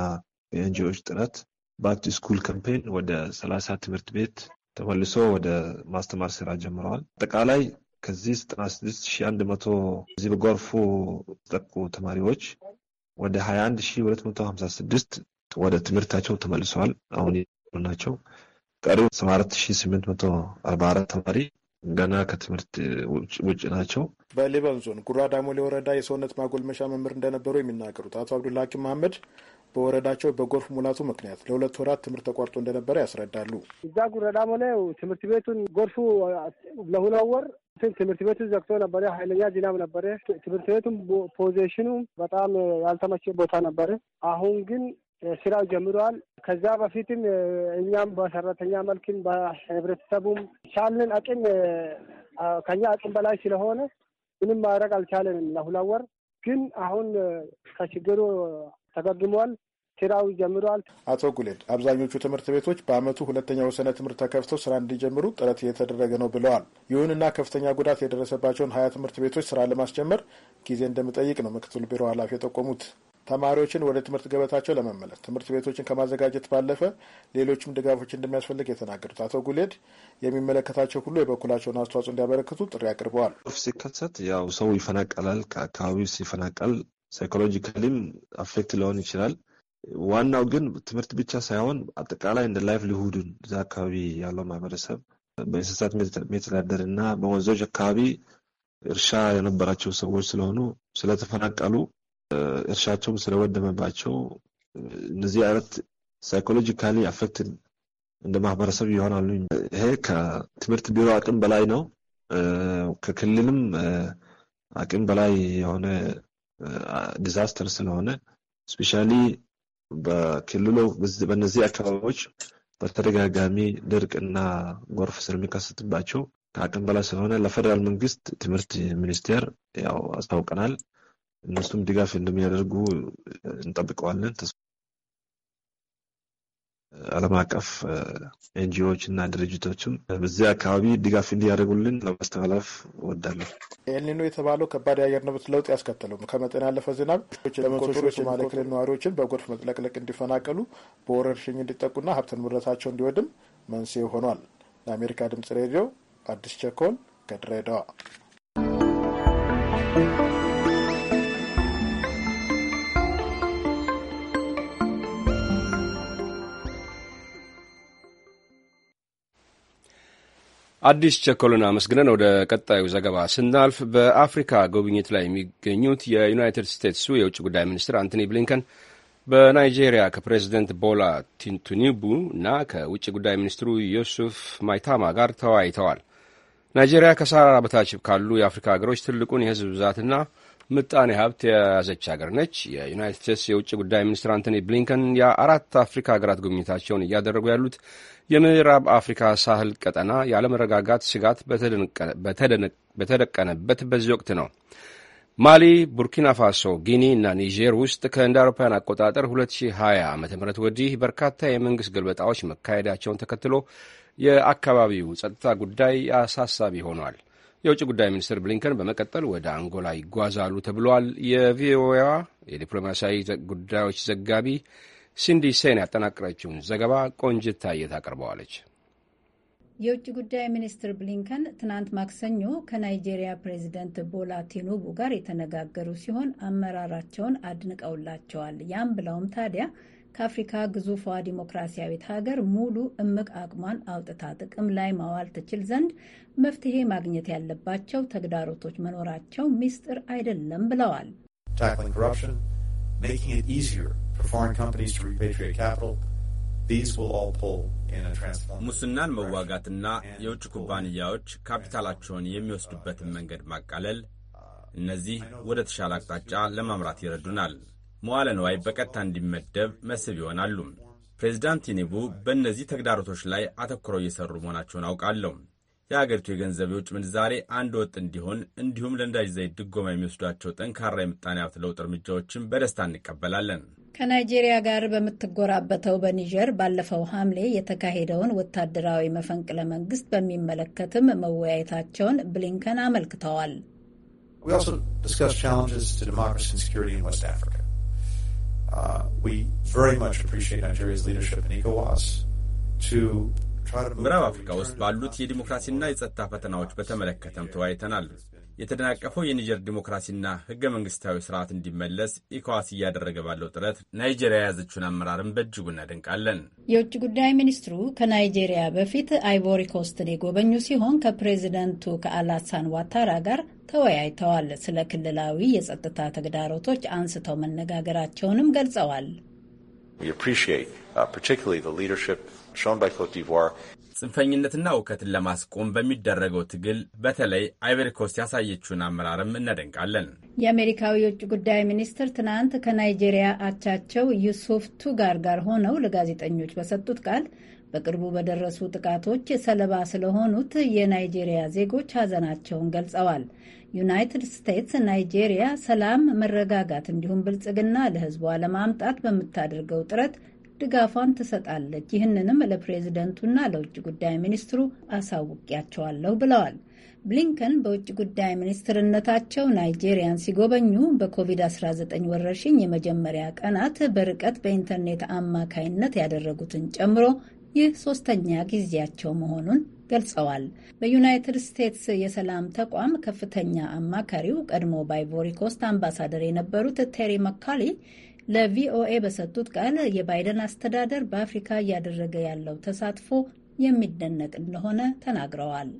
የኤንጂኦዎች ጥረት ባክ ቱ ስኩል ካምፔን ወደ ሰላሳ ትምህርት ቤት ተመልሶ ወደ ማስተማር ስራ ጀምረዋል። አጠቃላይ ከዚህ 96 ሺህ መቶ እዚህ በጎርፉ ተጠቁ ተማሪዎች ወደ 21 ሺህ 256 ወደ ትምህርታቸው ተመልሰዋል። አሁን ናቸው ቀሪው 74844 ተማሪ ገና ከትምህርት ውጭ ናቸው። በሊበን ዞን ጉራ ዳሞሌ ወረዳ የሰውነት ማጎልመሻ መምህር እንደነበሩ የሚናገሩት አቶ አብዱላ ሀኪም መሀመድ በወረዳቸው በጎርፍ ሙላቱ ምክንያት ለሁለት ወራት ትምህርት ተቋርጦ እንደነበረ ያስረዳሉ። እዛ ጉራ ዳሞሌ ትምህርት ቤቱን ጎርፉ ለሁለት ወር ትምህርት ቤቱ ዘግቶ ነበረ። ኃይለኛ ዝናብ ነበረ። ትምህርት ቤቱም ፖዚሽኑ በጣም ያልተመቸ ቦታ ነበረ። አሁን ግን ስራው ጀምረዋል። ከዛ በፊትም እኛም በሰራተኛ መልክም በህብረተሰቡም ቻልን አቅም ከኛ አቅም በላይ ስለሆነ ምንም ማድረግ አልቻለንም ለሁለት ወር ግን አሁን ከችግሩ ተገግሟል። ስራው ጀምረዋል። አቶ ጉሌድ አብዛኞቹ ትምህርት ቤቶች በአመቱ ሁለተኛ ወሰነ ትምህርት ተከፍተው ስራ እንዲጀምሩ ጥረት እየተደረገ ነው ብለዋል። ይሁንና ከፍተኛ ጉዳት የደረሰባቸውን ሀያ ትምህርት ቤቶች ስራ ለማስጀመር ጊዜ እንደሚጠይቅ ነው ምክትል ቢሮ ኃላፊ የጠቆሙት። ተማሪዎችን ወደ ትምህርት ገበታቸው ለመመለስ ትምህርት ቤቶችን ከማዘጋጀት ባለፈ ሌሎችም ድጋፎች እንደሚያስፈልግ የተናገሩት አቶ ጉሌድ የሚመለከታቸው ሁሉ የበኩላቸውን አስተዋጽኦ እንዲያበረክቱ ጥሪ አቅርበዋል። ሲከሰት ያው ሰው ይፈናቀላል። ከአካባቢው ሲፈናቀል ሳይኮሎጂካሊም አፌክት ሊሆን ይችላል። ዋናው ግን ትምህርት ብቻ ሳይሆን አጠቃላይ እንደ ላይፍ ሊሁድን እዛ አካባቢ ያለው ማህበረሰብ በእንስሳት የሚተዳደር እና በወንዞች አካባቢ እርሻ የነበራቸው ሰዎች ስለሆኑ ስለተፈናቀሉ እርሻቸውም ስለወደመባቸው እነዚህ አይነት ሳይኮሎጂካሊ አፌክትን እንደ ማህበረሰብ ይሆናሉ። ይሄ ከትምህርት ቢሮ አቅም በላይ ነው። ከክልልም አቅም በላይ የሆነ ዲዛስተር ስለሆነ ስፔሻሊ በክልሉ በነዚህ አካባቢዎች በተደጋጋሚ ድርቅ እና ጎርፍ ስለሚከሰትባቸው ከአቅም በላይ ስለሆነ ለፌደራል መንግስት ትምህርት ሚኒስቴር ያው አስታውቀናል። እነሱም ድጋፍ እንደሚያደርጉ እንጠብቀዋለን። ዓለም አቀፍ ኤንጂኦዎች እና ድርጅቶችም በዚያ አካባቢ ድጋፍ እንዲያደርጉልን ለማስተላለፍ እወዳለሁ። ኤልኒኖ የተባለው ከባድ የአየር ንብረት ለውጥ ያስከተለው ከመጠን ያለፈ ዝናብ የሶማሌ ክልል ነዋሪዎችን በጎርፍ መጥለቅለቅ እንዲፈናቀሉ፣ በወረርሽኝ እንዲጠቁና ሀብትን ንብረታቸው እንዲወድም መንስኤ ሆኗል። ለአሜሪካ ድምጽ ሬዲዮ አዲስ ቸኮል ከድሬዳዋ አዲስ ቸኮልን አመስግነን ወደ ቀጣዩ ዘገባ ስናልፍ በአፍሪካ ጉብኝት ላይ የሚገኙት የዩናይትድ ስቴትሱ የውጭ ጉዳይ ሚኒስትር አንቶኒ ብሊንከን በናይጄሪያ ከፕሬዚደንት ቦላ ቲንቱኒቡ እና ከውጭ ጉዳይ ሚኒስትሩ ዮሱፍ ማይታማ ጋር ተወያይተዋል። ናይጄሪያ ከሳህራ በታች ካሉ የአፍሪካ ሀገሮች ትልቁን የህዝብ ብዛትና ምጣኔ ሀብት የያዘች ሀገር ነች። የዩናይትድ ስቴትስ የውጭ ጉዳይ ሚኒስትር አንቶኒ ብሊንከን የአራት አፍሪካ ሀገራት ጉብኝታቸውን እያደረጉ ያሉት የምዕራብ አፍሪካ ሳህል ቀጠና የአለመረጋጋት ስጋት በተደቀነበት በዚህ ወቅት ነው። ማሊ፣ ቡርኪና ፋሶ፣ ጊኒ እና ኒጀር ውስጥ ከእንደ አውሮፓውያን አቆጣጠር 2020 ዓ ም ወዲህ በርካታ የመንግሥት ግልበጣዎች መካሄዳቸውን ተከትሎ የአካባቢው ጸጥታ ጉዳይ አሳሳቢ ሆኗል። የውጭ ጉዳይ ሚኒስትር ብሊንከን በመቀጠል ወደ አንጎላ ይጓዛሉ ተብሏል። የቪኦኤዋ የዲፕሎማሲያዊ ጉዳዮች ዘጋቢ ሲንዲ ሴን ያጠናቀረችውን ዘገባ ቆንጅታ አቅርበዋለች። የውጭ ጉዳይ ሚኒስትር ብሊንከን ትናንት ማክሰኞ ከናይጄሪያ ፕሬዚደንት ቦላ ቲኑቡ ጋር የተነጋገሩ ሲሆን አመራራቸውን አድንቀውላቸዋል። ያም ብለውም ታዲያ ከአፍሪካ ግዙፏ ዲሞክራሲያዊት ሀገር ሙሉ እምቅ አቅሟን አውጥታ ጥቅም ላይ ማዋል ትችል ዘንድ መፍትሄ ማግኘት ያለባቸው ተግዳሮቶች መኖራቸው ሚስጥር አይደለም ብለዋል። ሙስናን መዋጋትና የውጭ ኩባንያዎች ካፒታላቸውን የሚወስዱበትን መንገድ ማቃለል፣ እነዚህ ወደ ተሻለ አቅጣጫ ለማምራት ይረዱናል። መዋለ ንዋይ በቀጥታ እንዲመደብ መስህብ ይሆናሉ። ፕሬዚዳንት ቲኒቡ በእነዚህ ተግዳሮቶች ላይ አተኩረው እየሰሩ መሆናቸውን አውቃለሁ። የአገሪቱ የገንዘብ የውጭ ምንዛሬ አንድ ወጥ እንዲሆን እንዲሁም ለነዳጅ ዘይት ድጎማ የሚወስዷቸው ጠንካራ የምጣኔ ሀብት ለውጥ እርምጃዎችን በደስታ እንቀበላለን። ከናይጄሪያ ጋር በምትጎራበተው በኒጀር ባለፈው ሐምሌ የተካሄደውን ወታደራዊ መፈንቅለ መንግስት በሚመለከትም መወያየታቸውን ብሊንከን አመልክተዋል። We also discussed challenges to democracy and security in West Africa. ምዕራብ አፍሪካ ውስጥ ባሉት የዲሞክራሲና የጸጥታ ፈተናዎች በተመለከተም ተወያይተናል። የተደናቀፈው የኒጀር ዲሞክራሲና ህገ መንግስታዊ ስርዓት እንዲመለስ ኢኮዋስ እያደረገ ባለው ጥረት ናይጄሪያ የያዘችውን አመራርም በእጅጉ እናደንቃለን። የውጭ ጉዳይ ሚኒስትሩ ከናይጄሪያ በፊት አይቮሪ ኮስትን የጎበኙ ሲሆን ከፕሬዚደንቱ ከአላሳን ዋታራ ጋር ተወያይተዋል። ስለ ክልላዊ የጸጥታ ተግዳሮቶች አንስተው መነጋገራቸውንም ገልጸዋል። ጽንፈኝነትና እውከትን ለማስቆም በሚደረገው ትግል በተለይ አይቨሪኮስት ያሳየችውን አመራርም እናደንቃለን። የአሜሪካዊ የውጭ ጉዳይ ሚኒስትር ትናንት ከናይጄሪያ አቻቸው ዩሱፍ ቱጋር ጋር ሆነው ለጋዜጠኞች በሰጡት ቃል በቅርቡ በደረሱ ጥቃቶች ሰለባ ስለሆኑት የናይጄሪያ ዜጎች ሀዘናቸውን ገልጸዋል። ዩናይትድ ስቴትስ ናይጄሪያ ሰላም፣ መረጋጋት እንዲሁም ብልጽግና ለሕዝቧ ለማምጣት በምታደርገው ጥረት ድጋፏን ትሰጣለች። ይህንንም ለፕሬዝደንቱና ለውጭ ጉዳይ ሚኒስትሩ አሳውቂያቸዋለሁ ብለዋል። ብሊንከን በውጭ ጉዳይ ሚኒስትርነታቸው ናይጄሪያን ሲጎበኙ በኮቪድ-19 ወረርሽኝ የመጀመሪያ ቀናት በርቀት በኢንተርኔት አማካይነት ያደረጉትን ጨምሮ ይህ ሶስተኛ ጊዜያቸው መሆኑን ገልጸዋል። በዩናይትድ ስቴትስ የሰላም ተቋም ከፍተኛ አማካሪው ቀድሞ በአይቮሪ አምባሳደር የነበሩት ቴሪ መካሊ ለቪኦኤ በሰጡት ቃል የባይደን አስተዳደር በአፍሪካ እያደረገ ያለው ተሳትፎ የሚደነቅ እንደሆነ ተናግረዋል።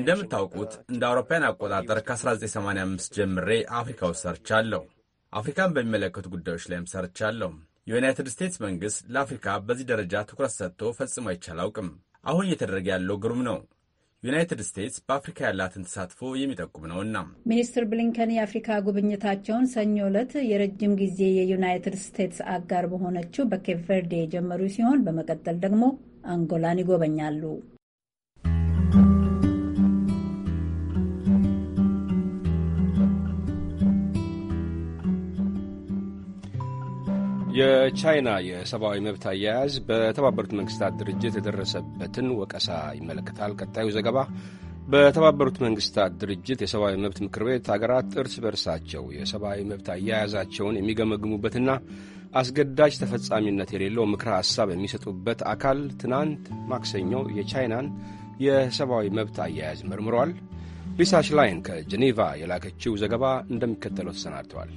እንደምታውቁት እንደ አውሮፓውያን አቆጣጠር ከ1985 ጀምሬ አፍሪካ ውስጥ ሰርቻለሁ። አፍሪካን በሚመለከቱ ጉዳዮች ላይም ሰርቻለሁ። የዩናይትድ ስቴትስ መንግሥት ለአፍሪካ በዚህ ደረጃ ትኩረት ሰጥቶ ፈጽሞ አይቻል አውቅም። አሁን እየተደረገ ያለው ግሩም ነው። ዩናይትድ ስቴትስ በአፍሪካ ያላትን ተሳትፎ የሚጠቁም ነውና። ሚኒስትር ብሊንከን የአፍሪካ ጉብኝታቸውን ሰኞ ዕለት የረጅም ጊዜ የዩናይትድ ስቴትስ አጋር በሆነችው በኬፕ ቨርዴ የጀመሩ ሲሆን በመቀጠል ደግሞ አንጎላን ይጎበኛሉ። የቻይና የሰብአዊ መብት አያያዝ በተባበሩት መንግስታት ድርጅት የደረሰበትን ወቀሳ ይመለከታል። ቀጣዩ ዘገባ በተባበሩት መንግስታት ድርጅት የሰብአዊ መብት ምክር ቤት ሀገራት እርስ በርሳቸው የሰብአዊ መብት አያያዛቸውን የሚገመግሙበትና አስገዳጅ ተፈጻሚነት የሌለው ምክረ ሐሳብ የሚሰጡበት አካል ትናንት ማክሰኞ የቻይናን የሰብአዊ መብት አያያዝ መርምሯል። ሊሳ ሽላይን ከጄኔቫ የላከችው ዘገባ እንደሚከተለው ተሰናድተዋል።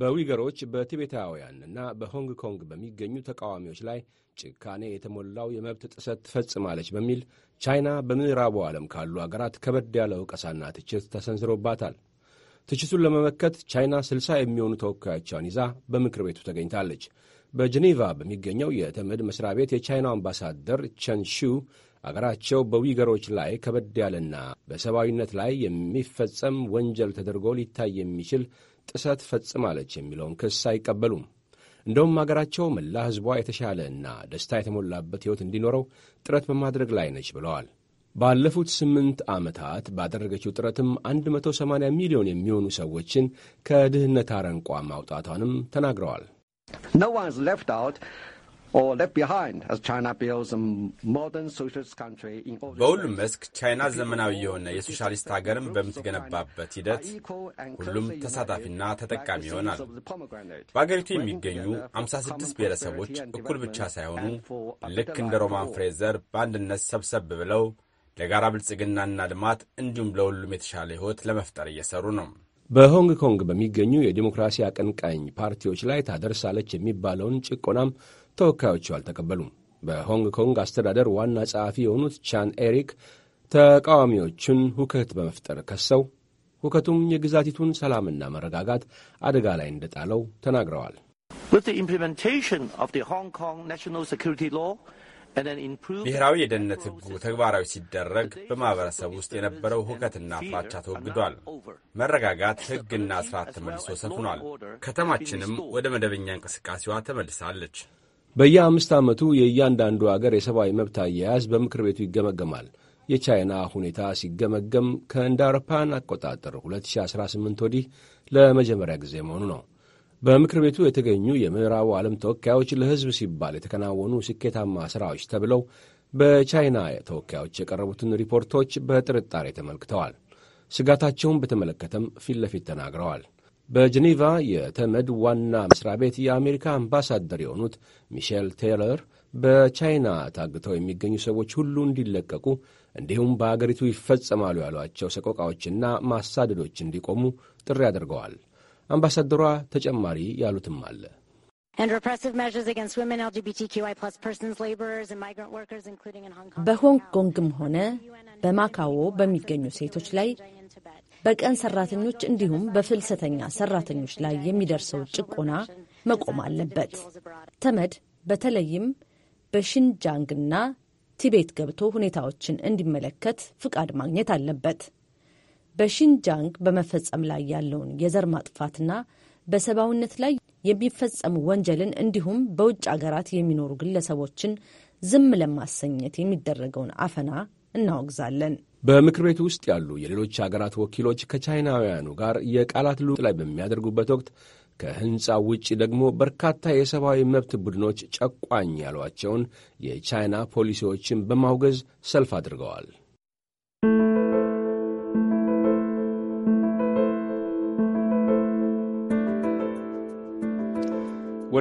በዊገሮች በቲቤታውያንና በሆንግ ኮንግ በሚገኙ ተቃዋሚዎች ላይ ጭካኔ የተሞላው የመብት ጥሰት ትፈጽማለች በሚል ቻይና በምዕራቡ ዓለም ካሉ አገራት ከበድ ያለ ወቀሳና ትችት ተሰንዝሮባታል። ትችቱን ለመመከት ቻይና ስልሳ የሚሆኑ ተወካዮቿን ይዛ በምክር ቤቱ ተገኝታለች። በጄኔቫ በሚገኘው የተመድ መሥሪያ ቤት የቻይናው አምባሳደር ቸን ሺው አገራቸው በዊገሮች ላይ ከበድ ያለና በሰብአዊነት ላይ የሚፈጸም ወንጀል ተደርጎ ሊታይ የሚችል ጥሰት ፈጽማለች የሚለውን ክስ አይቀበሉም። እንደውም አገራቸው መላ ሕዝቧ የተሻለ እና ደስታ የተሞላበት ሕይወት እንዲኖረው ጥረት በማድረግ ላይ ነች ብለዋል። ባለፉት ስምንት ዓመታት ባደረገችው ጥረትም 180 ሚሊዮን የሚሆኑ ሰዎችን ከድህነት አረንቋ ማውጣቷንም ተናግረዋል። በሁሉም መስክ ቻይና ዘመናዊ የሆነ የሶሻሊስት ሀገርን በምትገነባበት ሂደት ሁሉም ተሳታፊና ተጠቃሚ ይሆናል። በአገሪቱ የሚገኙ 56 ብሔረሰቦች እኩል ብቻ ሳይሆኑ ልክ እንደ ሮማን ፍሬዘር በአንድነት ሰብሰብ ብለው ለጋራ ብልጽግናና ልማት እንዲሁም ለሁሉም የተሻለ ሕይወት ለመፍጠር እየሰሩ ነው። በሆንግ ኮንግ በሚገኙ የዲሞክራሲ አቀንቃኝ ፓርቲዎች ላይ ታደርሳለች የሚባለውን ጭቆናም ተወካዮቹ አልተቀበሉም። በሆንግ ኮንግ አስተዳደር ዋና ጸሐፊ የሆኑት ቻን ኤሪክ ተቃዋሚዎቹን ሁከት በመፍጠር ከሰው ሁከቱም የግዛቲቱን ሰላምና መረጋጋት አደጋ ላይ እንደጣለው ተናግረዋል። ብሔራዊ የደህንነት ሕጉ ተግባራዊ ሲደረግ በማኅበረሰብ ውስጥ የነበረው ሁከትና ፍራቻ ተወግዷል። መረጋጋት፣ ሕግና ሥርዓት ተመልሶ ሰፍኗል። ከተማችንም ወደ መደበኛ እንቅስቃሴዋ ተመልሳለች። በየአምስት ዓመቱ የእያንዳንዱ አገር የሰብአዊ መብት አያያዝ በምክር ቤቱ ይገመገማል። የቻይና ሁኔታ ሲገመገም ከእንደ አውሮፓውያን አቆጣጠር 2018 ወዲህ ለመጀመሪያ ጊዜ መሆኑ ነው። በምክር ቤቱ የተገኙ የምዕራቡ ዓለም ተወካዮች ለሕዝብ ሲባል የተከናወኑ ስኬታማ ሥራዎች ተብለው በቻይና ተወካዮች የቀረቡትን ሪፖርቶች በጥርጣሬ ተመልክተዋል። ስጋታቸውን በተመለከተም ፊት ለፊት ተናግረዋል። በጄኔቫ የተመድ ዋና መስሪያ ቤት የአሜሪካ አምባሳደር የሆኑት ሚሼል ቴይለር በቻይና ታግተው የሚገኙ ሰዎች ሁሉ እንዲለቀቁ እንዲሁም በአገሪቱ ይፈጸማሉ ያሏቸው ሰቆቃዎችና ማሳደዶች እንዲቆሙ ጥሪ አድርገዋል። አምባሳደሯ ተጨማሪ ያሉትም አለ። በሆንግ ኮንግም ሆነ በማካዎ በሚገኙ ሴቶች ላይ በቀን ሰራተኞች እንዲሁም በፍልሰተኛ ሰራተኞች ላይ የሚደርሰው ጭቆና መቆም አለበት። ተመድ በተለይም በሽንጃንግና ቲቤት ገብቶ ሁኔታዎችን እንዲመለከት ፍቃድ ማግኘት አለበት። በሽንጃንግ በመፈጸም ላይ ያለውን የዘር ማጥፋትና በሰብአዊነት ላይ የሚፈጸሙ ወንጀልን እንዲሁም በውጭ አገራት የሚኖሩ ግለሰቦችን ዝም ለማሰኘት የሚደረገውን አፈና እናወግዛለን። በምክር ቤቱ ውስጥ ያሉ የሌሎች አገራት ወኪሎች ከቻይናውያኑ ጋር የቃላት ልውውጥ ላይ በሚያደርጉበት ወቅት ከሕንፃው ውጪ ደግሞ በርካታ የሰብአዊ መብት ቡድኖች ጨቋኝ ያሏቸውን የቻይና ፖሊሲዎችን በማውገዝ ሰልፍ አድርገዋል።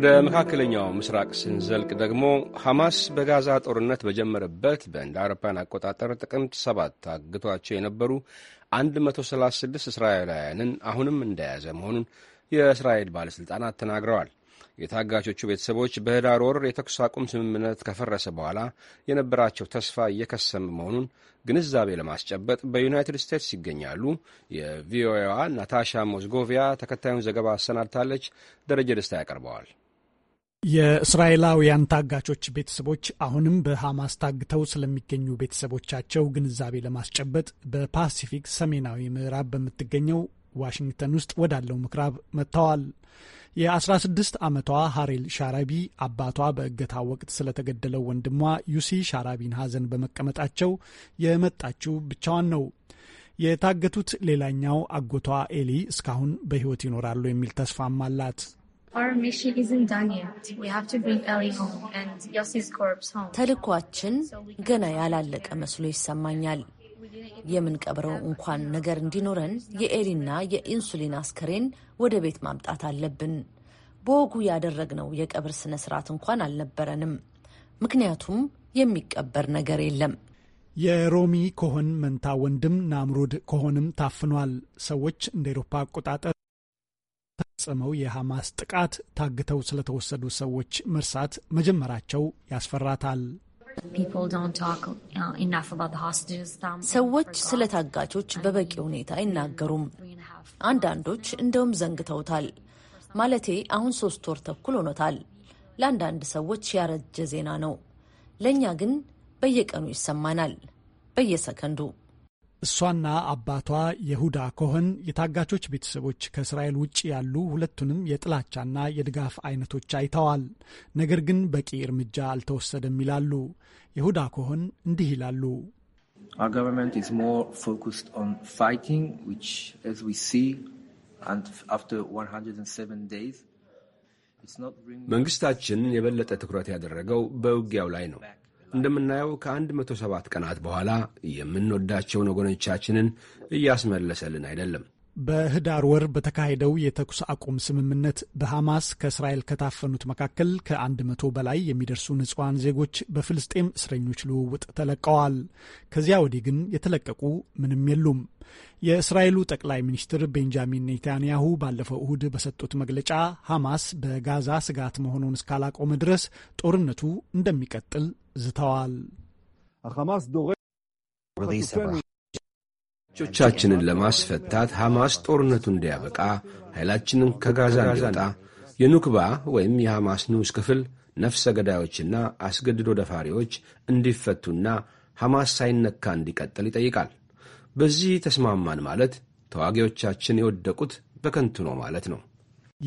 ወደ መካከለኛው ምስራቅ ስንዘልቅ ደግሞ ሐማስ በጋዛ ጦርነት በጀመረበት በእንደ አውሮፓውያን አቆጣጠር ጥቅምት ሰባት አግቷቸው የነበሩ 136 እስራኤላውያንን አሁንም እንደያዘ መሆኑን የእስራኤል ባለሥልጣናት ተናግረዋል። የታጋቾቹ ቤተሰቦች በህዳር ወር የተኩስ አቁም ስምምነት ከፈረሰ በኋላ የነበራቸው ተስፋ እየከሰመ መሆኑን ግንዛቤ ለማስጨበጥ በዩናይትድ ስቴትስ ይገኛሉ። የቪኦኤዋ ናታሻ ሞዝጎቪያ ተከታዩን ዘገባ አሰናድታለች። ደረጀ ደስታ ያቀርበዋል። የእስራኤላውያን ታጋቾች ቤተሰቦች አሁንም በሐማስ ታግተው ስለሚገኙ ቤተሰቦቻቸው ግንዛቤ ለማስጨበጥ በፓሲፊክ ሰሜናዊ ምዕራብ በምትገኘው ዋሽንግተን ውስጥ ወዳለው ምክራብ መጥተዋል። የ16 ዓመቷ ሀሬል ሻራቢ አባቷ በእገታ ወቅት ስለተገደለው ወንድሟ ዩሲ ሻራቢን ሐዘን በመቀመጣቸው የመጣችው ብቻዋን ነው። የታገቱት ሌላኛው አጎቷ ኤሊ እስካሁን በሕይወት ይኖራሉ የሚል ተስፋም አላት። ተልኳችን ገና ያላለቀ መስሎ ይሰማኛል። የምንቀብረው እንኳን ነገር እንዲኖረን የኤሊና የኢንሱሊን አስከሬን ወደ ቤት ማምጣት አለብን። በወጉ ያደረግነው የቀብር ስነ ስርዓት እንኳን አልነበረንም፣ ምክንያቱም የሚቀበር ነገር የለም። የሮሚ ኮሆን መንታ ወንድም ናምሩድ ኮሆንም ታፍኗል። ሰዎች እንደ ኤሮፓ አቆጣጠር በተፈጸመው የሐማስ ጥቃት ታግተው ስለተወሰዱ ሰዎች መርሳት መጀመራቸው ያስፈራታል። uh, ሰዎች ስለ ታጋቾች በበቂ ሁኔታ አይናገሩም። አንዳንዶች እንደውም ዘንግተውታል። ማለቴ አሁን ሶስት ወር ተኩል ሆኖታል። ለአንዳንድ ሰዎች ያረጀ ዜና ነው። ለእኛ ግን በየቀኑ ይሰማናል፣ በየሰከንዱ እሷና አባቷ የሁዳ ኮሆን የታጋቾች ቤተሰቦች ከእስራኤል ውጭ ያሉ ሁለቱንም የጥላቻና የድጋፍ አይነቶች አይተዋል፣ ነገር ግን በቂ እርምጃ አልተወሰደም ይላሉ። የሁዳ ኮሆን እንዲህ ይላሉ። መንግስታችን የበለጠ ትኩረት ያደረገው በውጊያው ላይ ነው። እንደምናየው ከ ሰባት ቀናት በኋላ የምንወዳቸውን ወገኖቻችንን እያስመለሰልን አይደለም። በህዳር ወር በተካሄደው የተኩስ አቁም ስምምነት በሐማስ ከእስራኤል ከታፈኑት መካከል ከአንድ መቶ በላይ የሚደርሱ ንጹሐን ዜጎች በፍልስጤም እስረኞች ልውውጥ ተለቀዋል። ከዚያ ወዲህ ግን የተለቀቁ ምንም የሉም። የእስራኤሉ ጠቅላይ ሚኒስትር ቤንጃሚን ኔታንያሁ ባለፈው እሁድ በሰጡት መግለጫ ሐማስ በጋዛ ስጋት መሆኑን እስካላቆመ ድረስ ጦርነቱ እንደሚቀጥል ዝተዋል። ቻችንን ለማስፈታት ሐማስ ጦርነቱ እንዲያበቃ ኃይላችንን ከጋዛ እንዲወጣ የኑክባ ወይም የሐማስ ንዑስ ክፍል ነፍሰ ገዳዮችና አስገድዶ ደፋሪዎች እንዲፈቱና ሐማስ ሳይነካ እንዲቀጥል ይጠይቃል። በዚህ ተስማማን ማለት ተዋጊዎቻችን የወደቁት በከንቱ ነው ማለት ነው።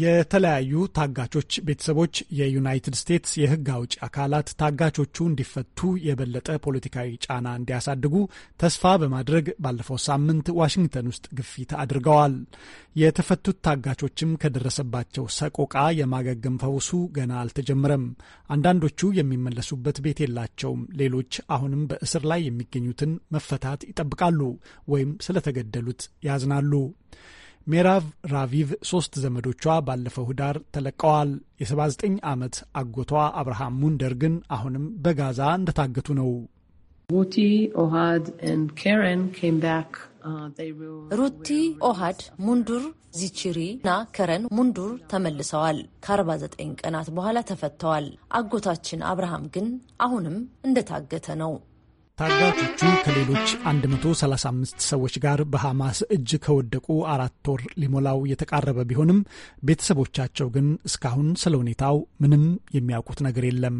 የተለያዩ ታጋቾች ቤተሰቦች የዩናይትድ ስቴትስ የሕግ አውጪ አካላት ታጋቾቹ እንዲፈቱ የበለጠ ፖለቲካዊ ጫና እንዲያሳድጉ ተስፋ በማድረግ ባለፈው ሳምንት ዋሽንግተን ውስጥ ግፊት አድርገዋል። የተፈቱት ታጋቾችም ከደረሰባቸው ሰቆቃ የማገገም ፈውሱ ገና አልተጀመረም። አንዳንዶቹ የሚመለሱበት ቤት የላቸውም። ሌሎች አሁንም በእስር ላይ የሚገኙትን መፈታት ይጠብቃሉ ወይም ስለተገደሉት ያዝናሉ። ሜራቭ ራቪቭ ሶስት ዘመዶቿ ባለፈው ህዳር ተለቀዋል። የ79 ዓመት አጎቷ አብርሃም ሙንደር ግን አሁንም በጋዛ እንደታገቱ ነው። ሩቲ ኦሃድ uh, ሩቲ ኦሃድ ሙንዱር ዚቺሪ እና ከረን ሙንዱር ተመልሰዋል። ከ49 ቀናት በኋላ ተፈተዋል። አጎታችን አብርሃም ግን አሁንም እንደታገተ ነው። ታጋቾቹ ከሌሎች 135 ሰዎች ጋር በሐማስ እጅ ከወደቁ አራት ወር ሊሞላው የተቃረበ ቢሆንም ቤተሰቦቻቸው ግን እስካሁን ስለ ሁኔታው ምንም የሚያውቁት ነገር የለም።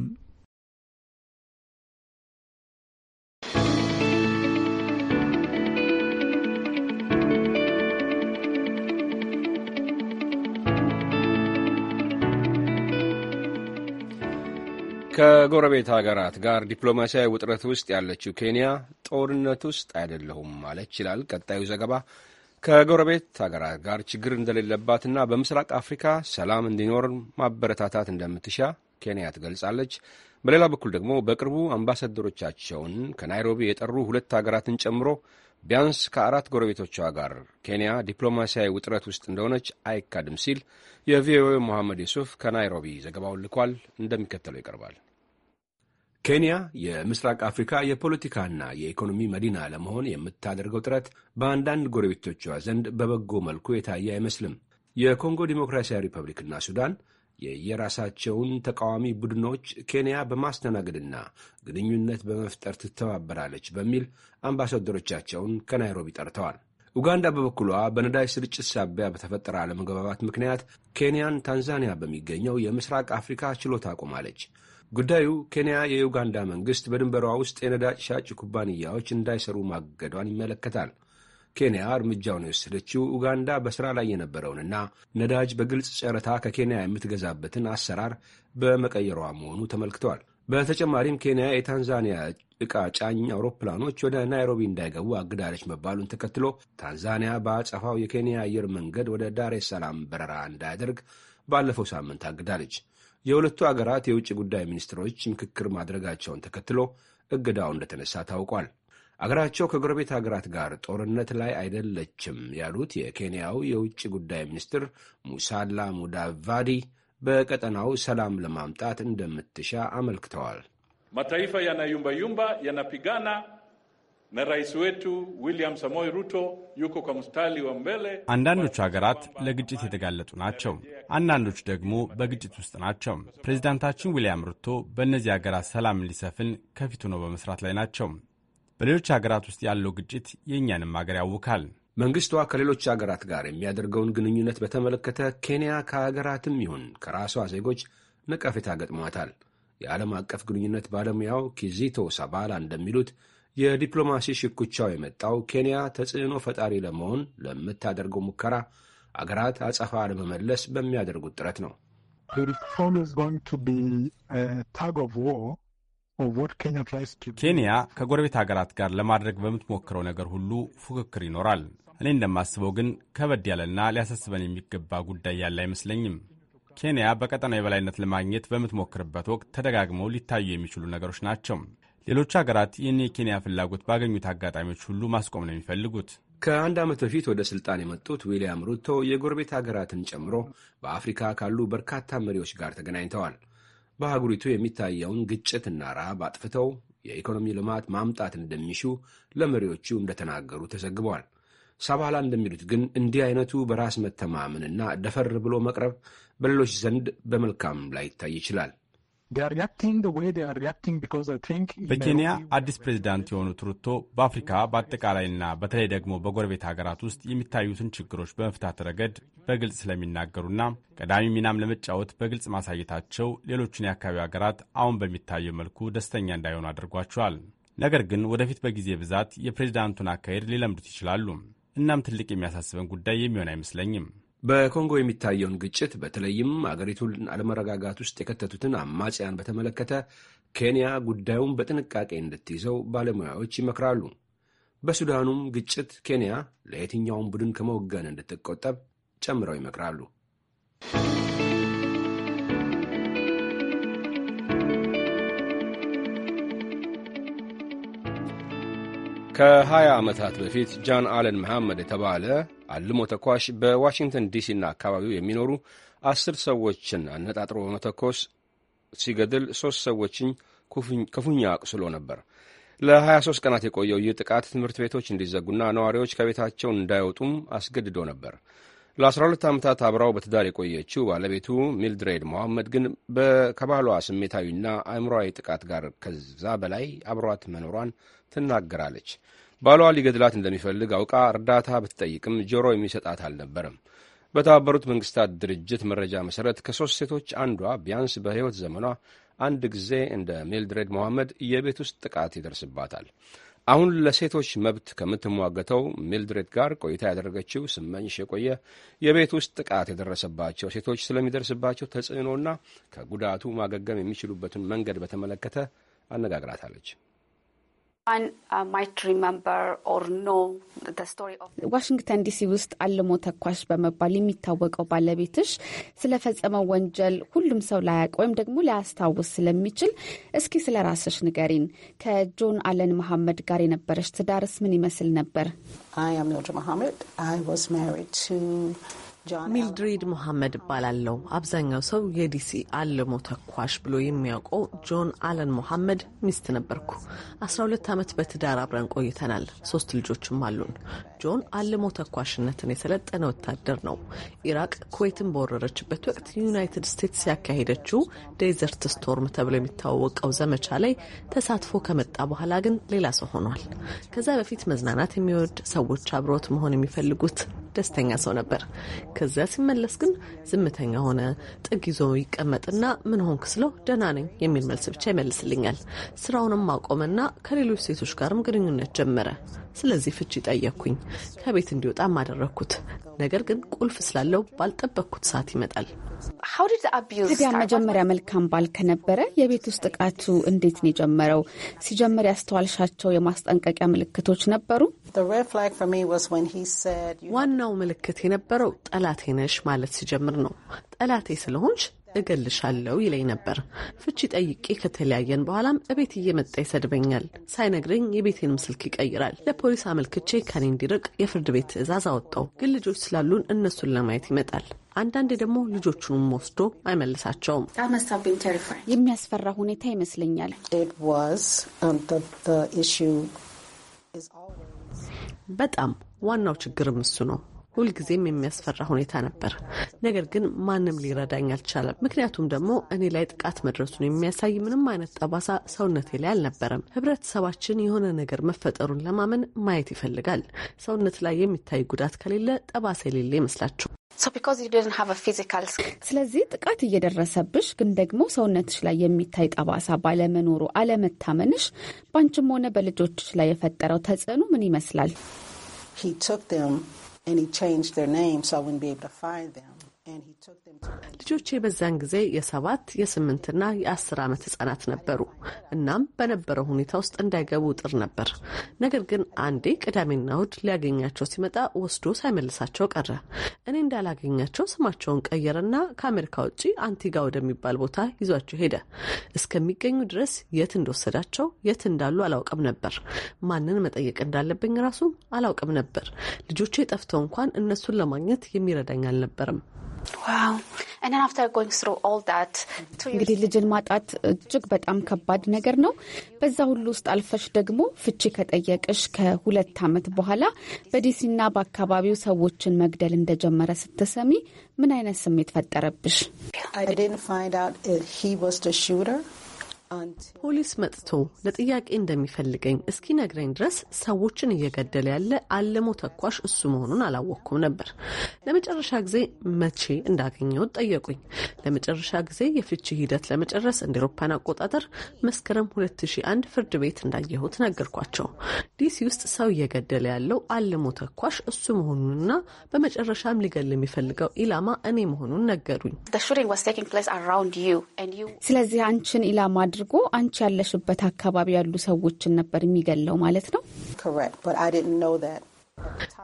ከጎረቤት ሀገራት ጋር ዲፕሎማሲያዊ ውጥረት ውስጥ ያለችው ኬንያ ጦርነት ውስጥ አይደለሁም ማለት ይችላል። ቀጣዩ ዘገባ ከጎረቤት ሀገራት ጋር ችግር እንደሌለባትና በምስራቅ አፍሪካ ሰላም እንዲኖር ማበረታታት እንደምትሻ ኬንያ ትገልጻለች። በሌላ በኩል ደግሞ በቅርቡ አምባሳደሮቻቸውን ከናይሮቢ የጠሩ ሁለት ሀገራትን ጨምሮ ቢያንስ ከአራት ጎረቤቶቿ ጋር ኬንያ ዲፕሎማሲያዊ ውጥረት ውስጥ እንደሆነች አይካድም ሲል የቪኦኤ መሐመድ ዩሱፍ ከናይሮቢ ዘገባውን ልኳል። እንደሚከተለው ይቀርባል። ኬንያ የምስራቅ አፍሪካ የፖለቲካና የኢኮኖሚ መዲና ለመሆን የምታደርገው ጥረት በአንዳንድ ጎረቤቶቿ ዘንድ በበጎ መልኩ የታየ አይመስልም። የኮንጎ ዲሞክራሲያዊ ሪፐብሊክና ሱዳን የየራሳቸውን ተቃዋሚ ቡድኖች ኬንያ በማስተናገድና ግንኙነት በመፍጠር ትተባበራለች በሚል አምባሳደሮቻቸውን ከናይሮቢ ጠርተዋል። ኡጋንዳ በበኩሏ በነዳጅ ስርጭት ሳቢያ በተፈጠረ አለመግባባት ምክንያት ኬንያን ታንዛኒያ በሚገኘው የምስራቅ አፍሪካ ችሎት አቁማለች። ጉዳዩ ኬንያ የዩጋንዳ መንግሥት በድንበሯ ውስጥ የነዳጅ ሻጭ ኩባንያዎች እንዳይሰሩ ማገዷን ይመለከታል። ኬንያ እርምጃውን የወሰደችው ኡጋንዳ በሥራ ላይ የነበረውንና ነዳጅ በግልጽ ጨረታ ከኬንያ የምትገዛበትን አሰራር በመቀየሯ መሆኑ ተመልክተዋል። በተጨማሪም ኬንያ የታንዛኒያ ዕቃ ጫኝ አውሮፕላኖች ወደ ናይሮቢ እንዳይገቡ አግዳለች መባሉን ተከትሎ ታንዛኒያ በአጸፋው የኬንያ አየር መንገድ ወደ ዳሬ ሰላም በረራ እንዳያደርግ ባለፈው ሳምንት አግዳለች። የሁለቱ አገራት የውጭ ጉዳይ ሚኒስትሮች ምክክር ማድረጋቸውን ተከትሎ እገዳው እንደተነሳ ታውቋል። አገራቸው ከጎረቤት ሀገራት ጋር ጦርነት ላይ አይደለችም ያሉት የኬንያው የውጭ ጉዳይ ሚኒስትር ሙሳላ ሙዳቫዲ በቀጠናው ሰላም ለማምጣት እንደምትሻ አመልክተዋል። ማታይፋ ያናዩምባዩምባ ያናፒጋና na rais wetu William Samoei Ruto yuko kwa mstari wa mbele. አንዳንዶቹ ሀገራት ለግጭት የተጋለጡ ናቸው፣ አንዳንዶቹ ደግሞ በግጭት ውስጥ ናቸው። ፕሬዚዳንታችን ዊልያም ሩቶ በእነዚህ ሀገራት ሰላም እንዲሰፍን ከፊቱ ነው በመስራት ላይ ናቸው። በሌሎች ሀገራት ውስጥ ያለው ግጭት የእኛንም ሀገር ያውካል። መንግስቷ ከሌሎች ሀገራት ጋር የሚያደርገውን ግንኙነት በተመለከተ ኬንያ ከሀገራትም ይሁን ከራሷ ዜጎች ነቀፌታ ገጥሟታል። የዓለም አቀፍ ግንኙነት ባለሙያው ኪዚቶ ሳባላ እንደሚሉት የዲፕሎማሲ ሽኩቻው የመጣው ኬንያ ተጽዕኖ ፈጣሪ ለመሆን ለምታደርገው ሙከራ አገራት አጸፋ ለመመለስ በሚያደርጉት ጥረት ነው። ኬንያ ከጎረቤት ሀገራት ጋር ለማድረግ በምትሞክረው ነገር ሁሉ ፉክክር ይኖራል። እኔ እንደማስበው ግን ከበድ ያለና ሊያሳስበን የሚገባ ጉዳይ ያለ አይመስለኝም። ኬንያ በቀጠናዊ የበላይነት ለማግኘት በምትሞክርበት ወቅት ተደጋግመው ሊታዩ የሚችሉ ነገሮች ናቸው። ሌሎች ሀገራት ይህን የኬንያ ፍላጎት ባገኙት አጋጣሚዎች ሁሉ ማስቆም ነው የሚፈልጉት። ከአንድ ዓመት በፊት ወደ ሥልጣን የመጡት ዊልያም ሩቶ የጎረቤት ሀገራትን ጨምሮ በአፍሪካ ካሉ በርካታ መሪዎች ጋር ተገናኝተዋል። በአህጉሪቱ የሚታየውን ግጭትና ረሃብ አጥፍተው የኢኮኖሚ ልማት ማምጣት እንደሚሹ ለመሪዎቹ እንደተናገሩ ተዘግበዋል። ሳባላ እንደሚሉት ግን እንዲህ አይነቱ በራስ መተማመንና ደፈር ብሎ መቅረብ በሌሎች ዘንድ በመልካም ላይ ይታይ ይችላል። በኬንያ አዲስ ፕሬዚዳንት የሆኑት ሩቶ በአፍሪካ በአጠቃላይና በተለይ ደግሞ በጎረቤት ሀገራት ውስጥ የሚታዩትን ችግሮች በመፍታት ረገድ በግልጽ ስለሚናገሩና ቀዳሚ ሚናም ለመጫወት በግልጽ ማሳየታቸው ሌሎቹን የአካባቢ ሀገራት አሁን በሚታየው መልኩ ደስተኛ እንዳይሆኑ አድርጓቸዋል። ነገር ግን ወደፊት በጊዜ ብዛት የፕሬዚዳንቱን አካሄድ ሊለምዱት ይችላሉ። እናም ትልቅ የሚያሳስበን ጉዳይ የሚሆን አይመስለኝም። በኮንጎ የሚታየውን ግጭት በተለይም አገሪቱን አለመረጋጋት ውስጥ የከተቱትን አማጽያን በተመለከተ ኬንያ ጉዳዩን በጥንቃቄ እንድትይዘው ባለሙያዎች ይመክራሉ። በሱዳኑም ግጭት ኬንያ ለየትኛውም ቡድን ከመወገን እንድትቆጠብ ጨምረው ይመክራሉ። ከ20 ዓመታት በፊት ጃን አለን መሐመድ የተባለ አልሞ ተኳሽ በዋሽንግተን ዲሲና አካባቢው የሚኖሩ አስር ሰዎችን አነጣጥሮ በመተኮስ ሲገድል ሶስት ሰዎችን ክፉኛ አቁስሎ ነበር። ለ23 ቀናት የቆየው ይህ ጥቃት ትምህርት ቤቶች እንዲዘጉና ነዋሪዎች ከቤታቸው እንዳይወጡም አስገድዶ ነበር። ለ12 ዓመታት አብራው በትዳር የቆየችው ባለቤቱ ሚልድሬድ መሐመድ ግን ከባሏ ስሜታዊና አእምሯዊ ጥቃት ጋር ከዛ በላይ አብሯት መኖሯን ትናገራለች። ባሏ ሊገድላት እንደሚፈልግ አውቃ እርዳታ ብትጠይቅም ጆሮ የሚሰጣት አልነበረም። በተባበሩት መንግስታት ድርጅት መረጃ መሠረት ከሦስት ሴቶች አንዷ ቢያንስ በሕይወት ዘመኗ አንድ ጊዜ እንደ ሜልድሬድ መሐመድ የቤት ውስጥ ጥቃት ይደርስባታል። አሁን ለሴቶች መብት ከምትሟገተው ሚልድሬድ ጋር ቆይታ ያደረገችው ስመኝሽ የቆየ የቤት ውስጥ ጥቃት የደረሰባቸው ሴቶች ስለሚደርስባቸው ተጽዕኖና ከጉዳቱ ማገገም የሚችሉበትን መንገድ በተመለከተ አነጋግራታለች። ዋሽንግተን ዲሲ uh, ውስጥ አልሞ ተኳሽ በመባል የሚታወቀው ባለቤትሽ ስለፈጸመው ወንጀል ሁሉም ሰው ላያውቅ ወይም ደግሞ ሊያስታውስ ስለሚችል እስኪ ስለ ራስሽ ንገሪን። ከጆን አለን መሐመድ ጋር የነበረች ትዳርስ ምን ይመስል ነበር? ሚልድሪድ ሙሐመድ እባላለሁ። አብዛኛው ሰው የዲሲ አልሞ ተኳሽ ብሎ የሚያውቀው ጆን አለን ሙሐመድ ሚስት ነበርኩ። ሁለት ዓመት በትዳር አብረን ቆይተናል። ሶስት ልጆችም አሉን። ጆን አልሞ ተኳሽነትን የሰለጠነ ወታደር ነው። ኢራቅ ኩዌትን በወረረችበት ወቅት ዩናይትድ ስቴትስ ያካሄደችው ዴዘርት ስቶርም ተብሎ የሚታወቀው ዘመቻ ላይ ተሳትፎ ከመጣ በኋላ ግን ሌላ ሰው ሆኗል። ከዛ በፊት መዝናናት የሚወድ ሰዎች አብሮት መሆን የሚፈልጉት ደስተኛ ሰው ነበር። ከዚያ ሲመለስ ግን ዝምተኛ ሆነ። ጥግ ይዞ ይቀመጥና ምን ሆንክ ስለው ደህና ነኝ የሚል መልስ ብቻ ይመልስልኛል። ስራውንም አቆመና ከሌሎች ሴቶች ጋርም ግንኙነት ጀመረ። ስለዚህ ፍቺ ጠየቅኩኝ። ከቤት እንዲወጣም አደረግኩት። ነገር ግን ቁልፍ ስላለው ባልጠበቅኩት ሰዓት ይመጣል። ትቢያ መጀመሪያ መልካም ባል ከነበረ የቤት ውስጥ ጥቃቱ እንዴት ነው የጀመረው? ሲጀመር ያስተዋልሻቸው የማስጠንቀቂያ ምልክቶች ነበሩ? ዋናው ምልክት የነበረው ጠላቴ ነሽ ማለት ሲጀምር ነው። ጠላቴ ስለሆንሽ እገልሻለሁ ይለኝ ነበር። ፍቺ ጠይቄ ከተለያየን በኋላም እቤት እየመጣ ይሰድበኛል። ሳይነግረኝ የቤቴንም ስልክ ይቀይራል። ለፖሊስ አመልክቼ ከኔ እንዲርቅ የፍርድ ቤት ትዕዛዝ አወጣው። ግን ልጆች ስላሉን እነሱን ለማየት ይመጣል። አንዳንዴ ደግሞ ልጆቹንም ወስዶ አይመልሳቸውም። የሚያስፈራ ሁኔታ ይመስለኛል። በጣም ዋናው ችግርም እሱ ነው። ሁልጊዜም የሚያስፈራ ሁኔታ ነበር። ነገር ግን ማንም ሊረዳኝ አልቻለም። ምክንያቱም ደግሞ እኔ ላይ ጥቃት መድረሱን የሚያሳይ ምንም አይነት ጠባሳ ሰውነቴ ላይ አልነበረም። ህብረተሰባችን የሆነ ነገር መፈጠሩን ለማመን ማየት ይፈልጋል። ሰውነት ላይ የሚታይ ጉዳት ከሌለ ጠባሳ የሌለ ይመስላችሁ። ስለዚህ ጥቃት እየደረሰብሽ ግን ደግሞ ሰውነትሽ ላይ የሚታይ ጠባሳ ባለመኖሩ አለመታመንሽ በአንቺም ሆነ በልጆችሽ ላይ የፈጠረው ተጽዕኖ ምን ይመስላል? and he changed their name so I wouldn't be able to find them. And he ልጆቼ በዛን ጊዜ የሰባት የስምንትና የአስር ዓመት ህጻናት ነበሩ። እናም በነበረው ሁኔታ ውስጥ እንዳይገቡ ጥር ነበር። ነገር ግን አንዴ ቅዳሜና እሁድ ሊያገኛቸው ሲመጣ ወስዶ ሳይመልሳቸው ቀረ። እኔ እንዳላገኛቸው ስማቸውን ቀየረና ከአሜሪካ ውጭ አንቲጋ ወደሚባል ቦታ ይዟቸው ሄደ። እስከሚገኙ ድረስ የት እንደወሰዳቸው የት እንዳሉ አላውቅም ነበር። ማንን መጠየቅ እንዳለብኝ ራሱ አላውቅም ነበር። ልጆቼ ጠፍተው እንኳን እነሱን ለማግኘት የሚረዳኝ አልነበርም። እንግዲህ ልጅን ማጣት እጅግ በጣም ከባድ ነገር ነው። በዛ ሁሉ ውስጥ አልፈሽ ደግሞ ፍቺ ከጠየቅሽ ከሁለት ዓመት በኋላ በዲሲና በአካባቢው ሰዎችን መግደል እንደጀመረ ስትሰሚ ምን አይነት ስሜት ፈጠረብሽ? ፖሊስ መጥቶ ለጥያቄ እንደሚፈልገኝ እስኪነግረኝ ድረስ ሰዎችን እየገደለ ያለ አለሞ ተኳሽ እሱ መሆኑን አላወቅኩም ነበር። ለመጨረሻ ጊዜ መቼ እንዳገኘሁት ጠየቁኝ። ለመጨረሻ ጊዜ የፍቺ ሂደት ለመጨረስ እንደ አውሮፓውያን አቆጣጠር መስከረም 2001 ፍርድ ቤት እንዳየሁት ነገርኳቸው። ዲሲ ውስጥ ሰው እየገደለ ያለው አለሞ ተኳሽ እሱ መሆኑንና በመጨረሻም ሊገል የሚፈልገው ኢላማ እኔ መሆኑን ነገሩኝ። ስለዚህ አንቺን ኢላማ አድርጎ አንቺ ያለሽበት አካባቢ ያሉ ሰዎችን ነበር የሚገለው ማለት ነው?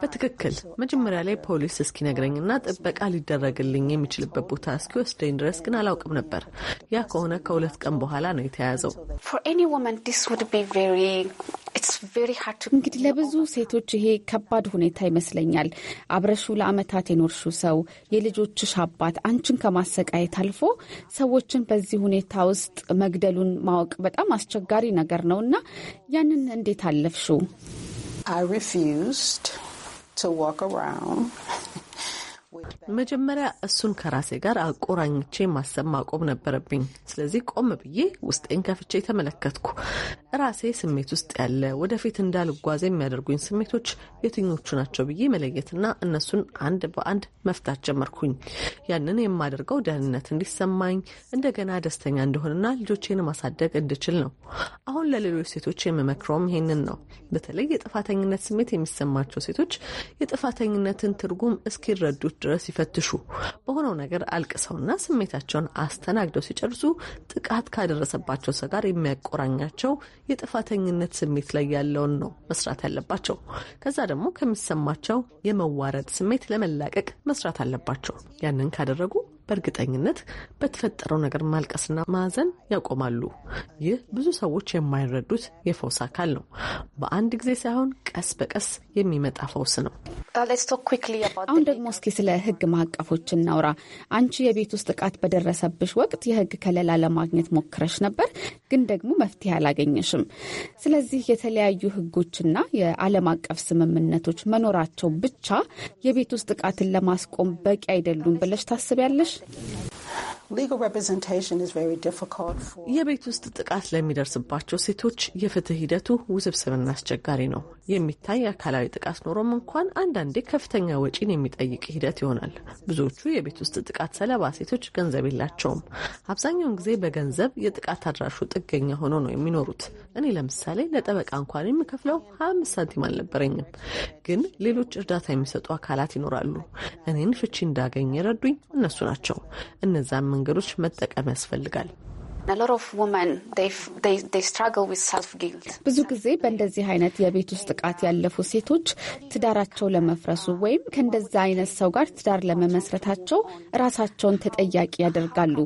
በትክክል መጀመሪያ ላይ ፖሊስ እስኪነግረኝና ጥበቃ ሊደረግልኝ የሚችልበት ቦታ እስኪወስደኝ ድረስ ግን አላውቅም ነበር። ያ ከሆነ ከሁለት ቀን በኋላ ነው የተያዘው። እንግዲህ ለብዙ ሴቶች ይሄ ከባድ ሁኔታ ይመስለኛል። አብረሹ ለአመታት የኖርሹ ሰው፣ የልጆችሽ አባት አንቺን ከማሰቃየት አልፎ ሰዎችን በዚህ ሁኔታ ውስጥ መግደሉን ማወቅ በጣም አስቸጋሪ ነገር ነው እና ያንን እንዴት አለፍሹ? I refused to walk around. መጀመሪያ እሱን ከራሴ ጋር አቆራኝቼ ማሰብ ማቆም ነበረብኝ። ስለዚህ ቆም ብዬ ውስጤን ከፍቼ ተመለከትኩ። ራሴ ስሜት ውስጥ ያለ ወደፊት እንዳልጓዝ የሚያደርጉኝ ስሜቶች የትኞቹ ናቸው ብዬ መለየትና እነሱን አንድ በአንድ መፍታት ጀመርኩኝ። ያንን የማደርገው ደህንነት እንዲሰማኝ እንደገና ደስተኛ እንደሆንና ልጆቼን ማሳደግ እንድችል ነው። አሁን ለሌሎች ሴቶች የምመክረውም ይሄንን ነው። በተለይ የጥፋተኝነት ስሜት የሚሰማቸው ሴቶች የጥፋተኝነትን ትርጉም እስኪረዱት ድረስ ይፈትሹ። በሆነው ነገር አልቅሰውና ስሜታቸውን አስተናግደው ሲጨርሱ ጥቃት ካደረሰባቸው ሰው ጋር የሚያቆራኛቸው የጥፋተኝነት ስሜት ላይ ያለውን ነው መስራት ያለባቸው። ከዛ ደግሞ ከሚሰማቸው የመዋረድ ስሜት ለመላቀቅ መስራት አለባቸው። ያንን ካደረጉ በእርግጠኝነት በተፈጠረው ነገር ማልቀስና ማዘን ያቆማሉ። ይህ ብዙ ሰዎች የማይረዱት የፈውስ አካል ነው። በአንድ ጊዜ ሳይሆን ቀስ በቀስ የሚመጣ ፈውስ ነው። uh, አሁን ደግሞ እስኪ ስለ ሕግ ማዕቀፎች እናውራ። አንቺ የቤት ውስጥ ጥቃት በደረሰብሽ ወቅት የሕግ ከለላ ለማግኘት ሞክረሽ ነበር፣ ግን ደግሞ መፍትሄ አላገኘሽም። ስለዚህ የተለያዩ ሕጎችና የዓለም አቀፍ ስምምነቶች መኖራቸው ብቻ የቤት ውስጥ ጥቃትን ለማስቆም በቂ አይደሉም ብለሽ ታስቢያለሽ? Gracias. የቤት ውስጥ ጥቃት ለሚደርስባቸው ሴቶች የፍትህ ሂደቱ ውስብስብና አስቸጋሪ ነው። የሚታይ አካላዊ ጥቃት ኖሮም እንኳን አንዳንዴ ከፍተኛ ወጪን የሚጠይቅ ሂደት ይሆናል። ብዙዎቹ የቤት ውስጥ ጥቃት ሰለባ ሴቶች ገንዘብ የላቸውም። አብዛኛውን ጊዜ በገንዘብ የጥቃት አድራሹ ጥገኛ ሆኖ ነው የሚኖሩት። እኔ ለምሳሌ ለጠበቃ እንኳን የምከፍለው 25 ሳንቲም አልነበረኝም። ግን ሌሎች እርዳታ የሚሰጡ አካላት ይኖራሉ። እኔን ፍቺ እንዳገኝ የረዱኝ እነሱ ናቸው። እነዛም መንገዶች መጠቀም ያስፈልጋል። ብዙ ጊዜ በእንደዚህ አይነት የቤት ውስጥ ጥቃት ያለፉ ሴቶች ትዳራቸው ለመፍረሱ ወይም ከእንደዛ አይነት ሰው ጋር ትዳር ለመመስረታቸው ራሳቸውን ተጠያቂ ያደርጋሉ።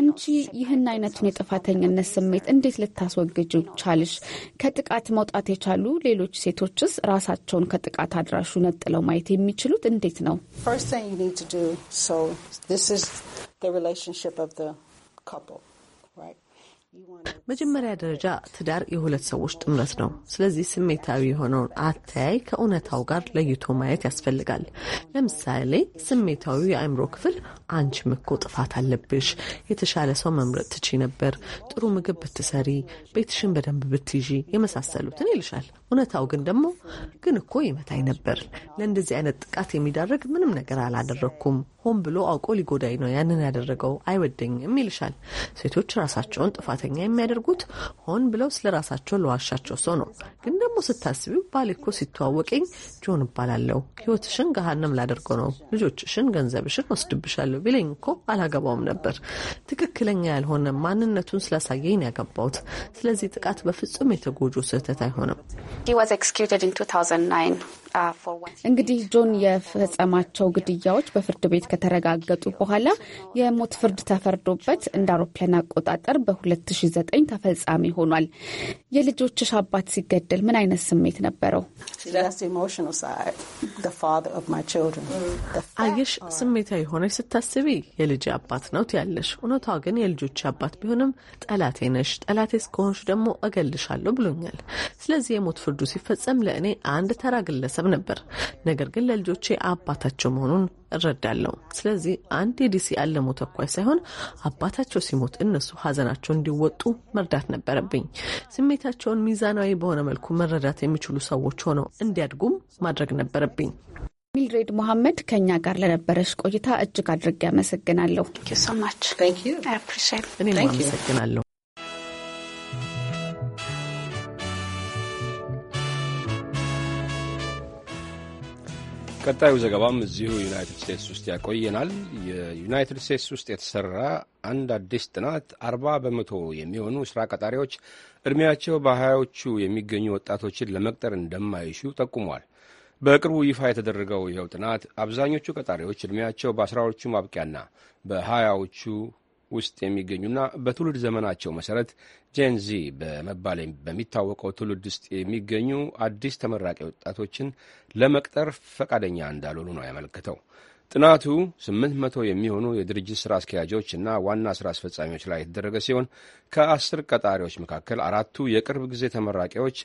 አንቺ ይህን አይነቱን የጥፋተኝነት ስሜት እንዴት ልታስወግጅ ቻልሽ? ከጥቃት መውጣት የቻሉ ሌሎች ሴቶችስ ራሳቸውን ከጥቃት አድራሹ ነጥለው ማየት የሚችሉት እንዴት ነው? መጀመሪያ ደረጃ ትዳር የሁለት ሰዎች ጥምረት ነው። ስለዚህ ስሜታዊ የሆነውን አተያይ ከእውነታው ጋር ለይቶ ማየት ያስፈልጋል። ለምሳሌ ስሜታዊ የአእምሮ ክፍል አንቺም እኮ ጥፋት አለብሽ፣ የተሻለ ሰው መምረጥ ትቺ ነበር፣ ጥሩ ምግብ ብትሰሪ፣ ቤትሽን በደንብ ብትይዢ የመሳሰሉትን ይልሻል። እውነታው ግን ደግሞ ግን እኮ ይመታኝ ነበር፣ ለእንደዚህ አይነት ጥቃት የሚዳርግ ምንም ነገር አላደረግኩም፣ ሆን ብሎ አውቆ ሊጎዳኝ ነው ያንን ያደረገው አይወደኝም ይልሻል። ሴቶች ራሳቸውን ጥፋተኛ የሚያደርጉት ሆን ብለው ስለ ራሳቸው ለዋሻቸው ሰው ነው። ግን ደግሞ ስታስቢው ባል እኮ ሲተዋወቀኝ ጆን እባላለሁ፣ ሕይወትሽን ገሃነም ላደርገው ነው፣ ልጆችሽን፣ ገንዘብሽን ወስድብሻለሁ ቢለኝ እኮ አላገባውም ነበር። ትክክለኛ ያልሆነ ማንነቱን ስላሳየኝ ነው ያገባሁት። ስለዚህ ጥቃት በፍጹም የተጎጆ ስህተት አይሆንም። እንግዲህ ጆን የፈጸማቸው ግድያዎች በፍርድ ቤት ከተረጋገጡ በኋላ የሞት ፍርድ ተፈርዶበት እንደ አውሮፓውያን አቆጣጠር በ2009 ተፈጻሚ ሆኗል። የልጆችሽ አባት ሲገደል ምን አይነት ስሜት ነበረው? አየሽ፣ ስሜታ የሆነች ስታስቢ የልጅ አባት ነው ትያለሽ። እውነቷ ግን የልጆች አባት ቢሆንም ጠላቴ ነሽ፣ ጠላቴ እስከሆንሽ ደግሞ እገልሻለሁ ብሎኛል። ስለዚህ የሞት ፍርዱ ሲፈጸም ለእኔ አንድ ተራ ግለሰብ አላስብ ነበር። ነገር ግን ለልጆቼ አባታቸው መሆኑን እረዳለሁ። ስለዚህ አንድ የዲሲ አለሙ ተኳይ ሳይሆን አባታቸው ሲሞት እነሱ ሀዘናቸው እንዲወጡ መርዳት ነበረብኝ። ስሜታቸውን ሚዛናዊ በሆነ መልኩ መረዳት የሚችሉ ሰዎች ሆነው እንዲያድጉም ማድረግ ነበረብኝ። ሚልድሬድ ሞሐመድ ከእኛ ጋር ለነበረች ቆይታ እጅግ አድርጌ አመሰግናለሁ። እኔም አመሰግናለሁ። ቀጣዩ ዘገባም እዚሁ ዩናይትድ ስቴትስ ውስጥ ያቆየናል። የዩናይትድ ስቴትስ ውስጥ የተሰራ አንድ አዲስ ጥናት አርባ በመቶ የሚሆኑ ስራ ቀጣሪዎች እድሜያቸው በሀያዎቹ የሚገኙ ወጣቶችን ለመቅጠር እንደማይሹ ጠቁሟል። በቅርቡ ይፋ የተደረገው ይኸው ጥናት አብዛኞቹ ቀጣሪዎች እድሜያቸው በአስራዎቹ ማብቂያና በሀያዎቹ ውስጥ የሚገኙና በትውልድ ዘመናቸው መሰረት ጄንዚ በመባል በሚታወቀው ትውልድ ውስጥ የሚገኙ አዲስ ተመራቂ ወጣቶችን ለመቅጠር ፈቃደኛ እንዳልሆኑ ነው ያመለከተው። ጥናቱ 800 የሚሆኑ የድርጅት ሥራ አስኪያጆች እና ዋና ሥራ አስፈጻሚዎች ላይ የተደረገ ሲሆን ከአስር ቀጣሪዎች መካከል አራቱ የቅርብ ጊዜ ተመራቂዎች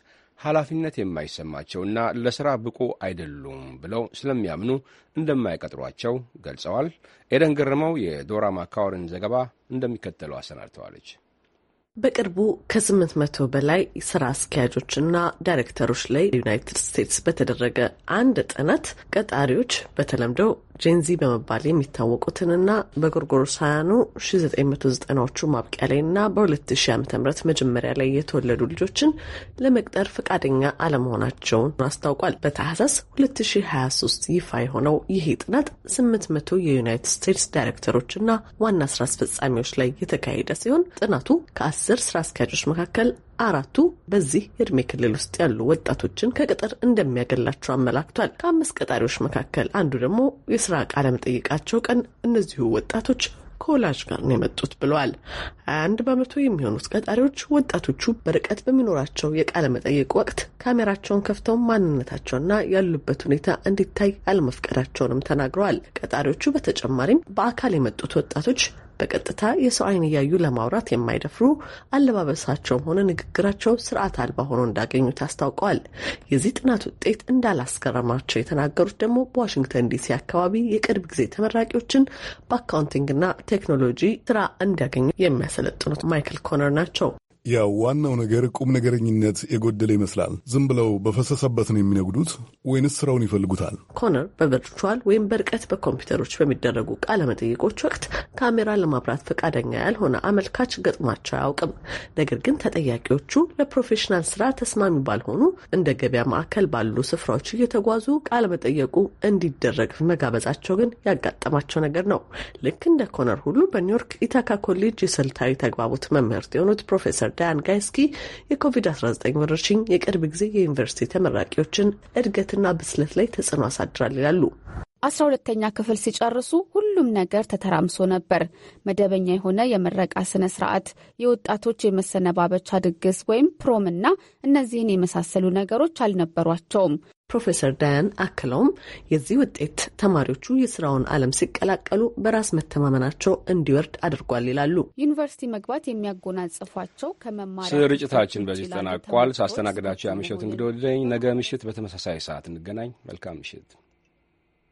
ኃላፊነት የማይሰማቸውና ለሥራ ብቁ አይደሉም ብለው ስለሚያምኑ እንደማይቀጥሯቸው ገልጸዋል። ኤደን ገረመው የዶራ ማካወርን ዘገባ እንደሚከተለው አሰናድተዋለች። በቅርቡ ከ መቶ በላይ ስራ አስኪያጆችና ዳይሬክተሮች ላይ ዩናይትድ ስቴትስ በተደረገ አንድ ጥናት ቀጣሪዎች በተለምደው ጄንዚ በመባል የሚታወቁትንና በጎርጎሮሳውያኑ 1990ዎቹ ማብቂያ ላይ እና በ2000 ዓ.ም መጀመሪያ ላይ የተወለዱ ልጆችን ለመቅጠር ፈቃደኛ አለመሆናቸውን አስታውቋል። በታህሳስ 2023 ይፋ የሆነው ይህ ጥናት 800 የዩናይትድ ስቴትስ ዳይሬክተሮችና ዋና ስራ አስፈጻሚዎች ላይ የተካሄደ ሲሆን ጥናቱ ከ አስር ስራ አስኪያጆች መካከል አራቱ በዚህ የእድሜ ክልል ውስጥ ያሉ ወጣቶችን ከቅጥር እንደሚያገላቸው አመላክቷል። ከአምስት ቀጣሪዎች መካከል አንዱ ደግሞ የስራ ቃለ መጠይቃቸው ቀን እነዚሁ ወጣቶች ከወላጅ ጋር ነው የመጡት ብለዋል። አንድ በመቶ የሚሆኑት ቀጣሪዎች ወጣቶቹ በርቀት በሚኖራቸው የቃለ መጠየቅ ወቅት ካሜራቸውን ከፍተው ማንነታቸውና ያሉበት ሁኔታ እንዲታይ አለመፍቀዳቸውንም ተናግረዋል። ቀጣሪዎቹ በተጨማሪም በአካል የመጡት ወጣቶች በቀጥታ የሰው አይን እያዩ ለማውራት የማይደፍሩ አለባበሳቸውም ሆነ ንግግራቸው ስርዓት አልባ ሆኖ እንዳገኙት አስታውቀዋል። የዚህ ጥናት ውጤት እንዳላስገረማቸው የተናገሩት ደግሞ በዋሽንግተን ዲሲ አካባቢ የቅርብ ጊዜ ተመራቂዎችን በአካውንቲንግና ቴክኖሎጂ ስራ እንዲያገኙ የሚያሰለጥኑት ማይክል ኮነር ናቸው። ያው ዋናው ነገር ቁም ነገረኝነት የጎደለ ይመስላል። ዝም ብለው በፈሰሰበት ነው የሚነጉዱት ወይንስ ስራውን ይፈልጉታል? ኮነር በቨርቹዋል ወይም በርቀት በኮምፒውተሮች በሚደረጉ ቃለመጠይቆች ወቅት ካሜራ ለማብራት ፈቃደኛ ያልሆነ አመልካች ገጥሟቸው አያውቅም። ነገር ግን ተጠያቂዎቹ ለፕሮፌሽናል ስራ ተስማሚ ባልሆኑ እንደ ገበያ ማዕከል ባሉ ስፍራዎች እየተጓዙ ቃለመጠየቁ እንዲደረግ መጋበዛቸው ግን ያጋጠማቸው ነገር ነው። ልክ እንደ ኮነር ሁሉ በኒውዮርክ ኢታካ ኮሌጅ የስልታዊ ተግባቦት መምህርት የሆኑት ፕሮፌሰር ዳያን ጋይስኪ የኮቪድ-19 ወረርሽኝ የቅርብ ጊዜ የዩኒቨርሲቲ ተመራቂዎችን እድገትና ብስለት ላይ ተጽዕኖ አሳድራል ይላሉ። አስራ ሁለተኛ ክፍል ሲጨርሱ ሁሉም ነገር ተተራምሶ ነበር። መደበኛ የሆነ የምረቃ ስነ ስርዓት፣ የወጣቶች የመሰነባበቻ ድግስ ወይም ፕሮምና እነዚህን የመሳሰሉ ነገሮች አልነበሯቸውም። ፕሮፌሰር ዳያን አክለውም የዚህ ውጤት ተማሪዎቹ የስራውን ዓለም ሲቀላቀሉ በራስ መተማመናቸው እንዲወርድ አድርጓል ይላሉ። ዩኒቨርሲቲ መግባት የሚያጎናጽፏቸው ከመማሪያ ስርጭታችን በዚህ ተጠናቋል። ሳስተናግዳቸው ያመሸሁት እንግዲህ ወደኝ ነገ ምሽት በተመሳሳይ ሰዓት እንገናኝ። መልካም ምሽት።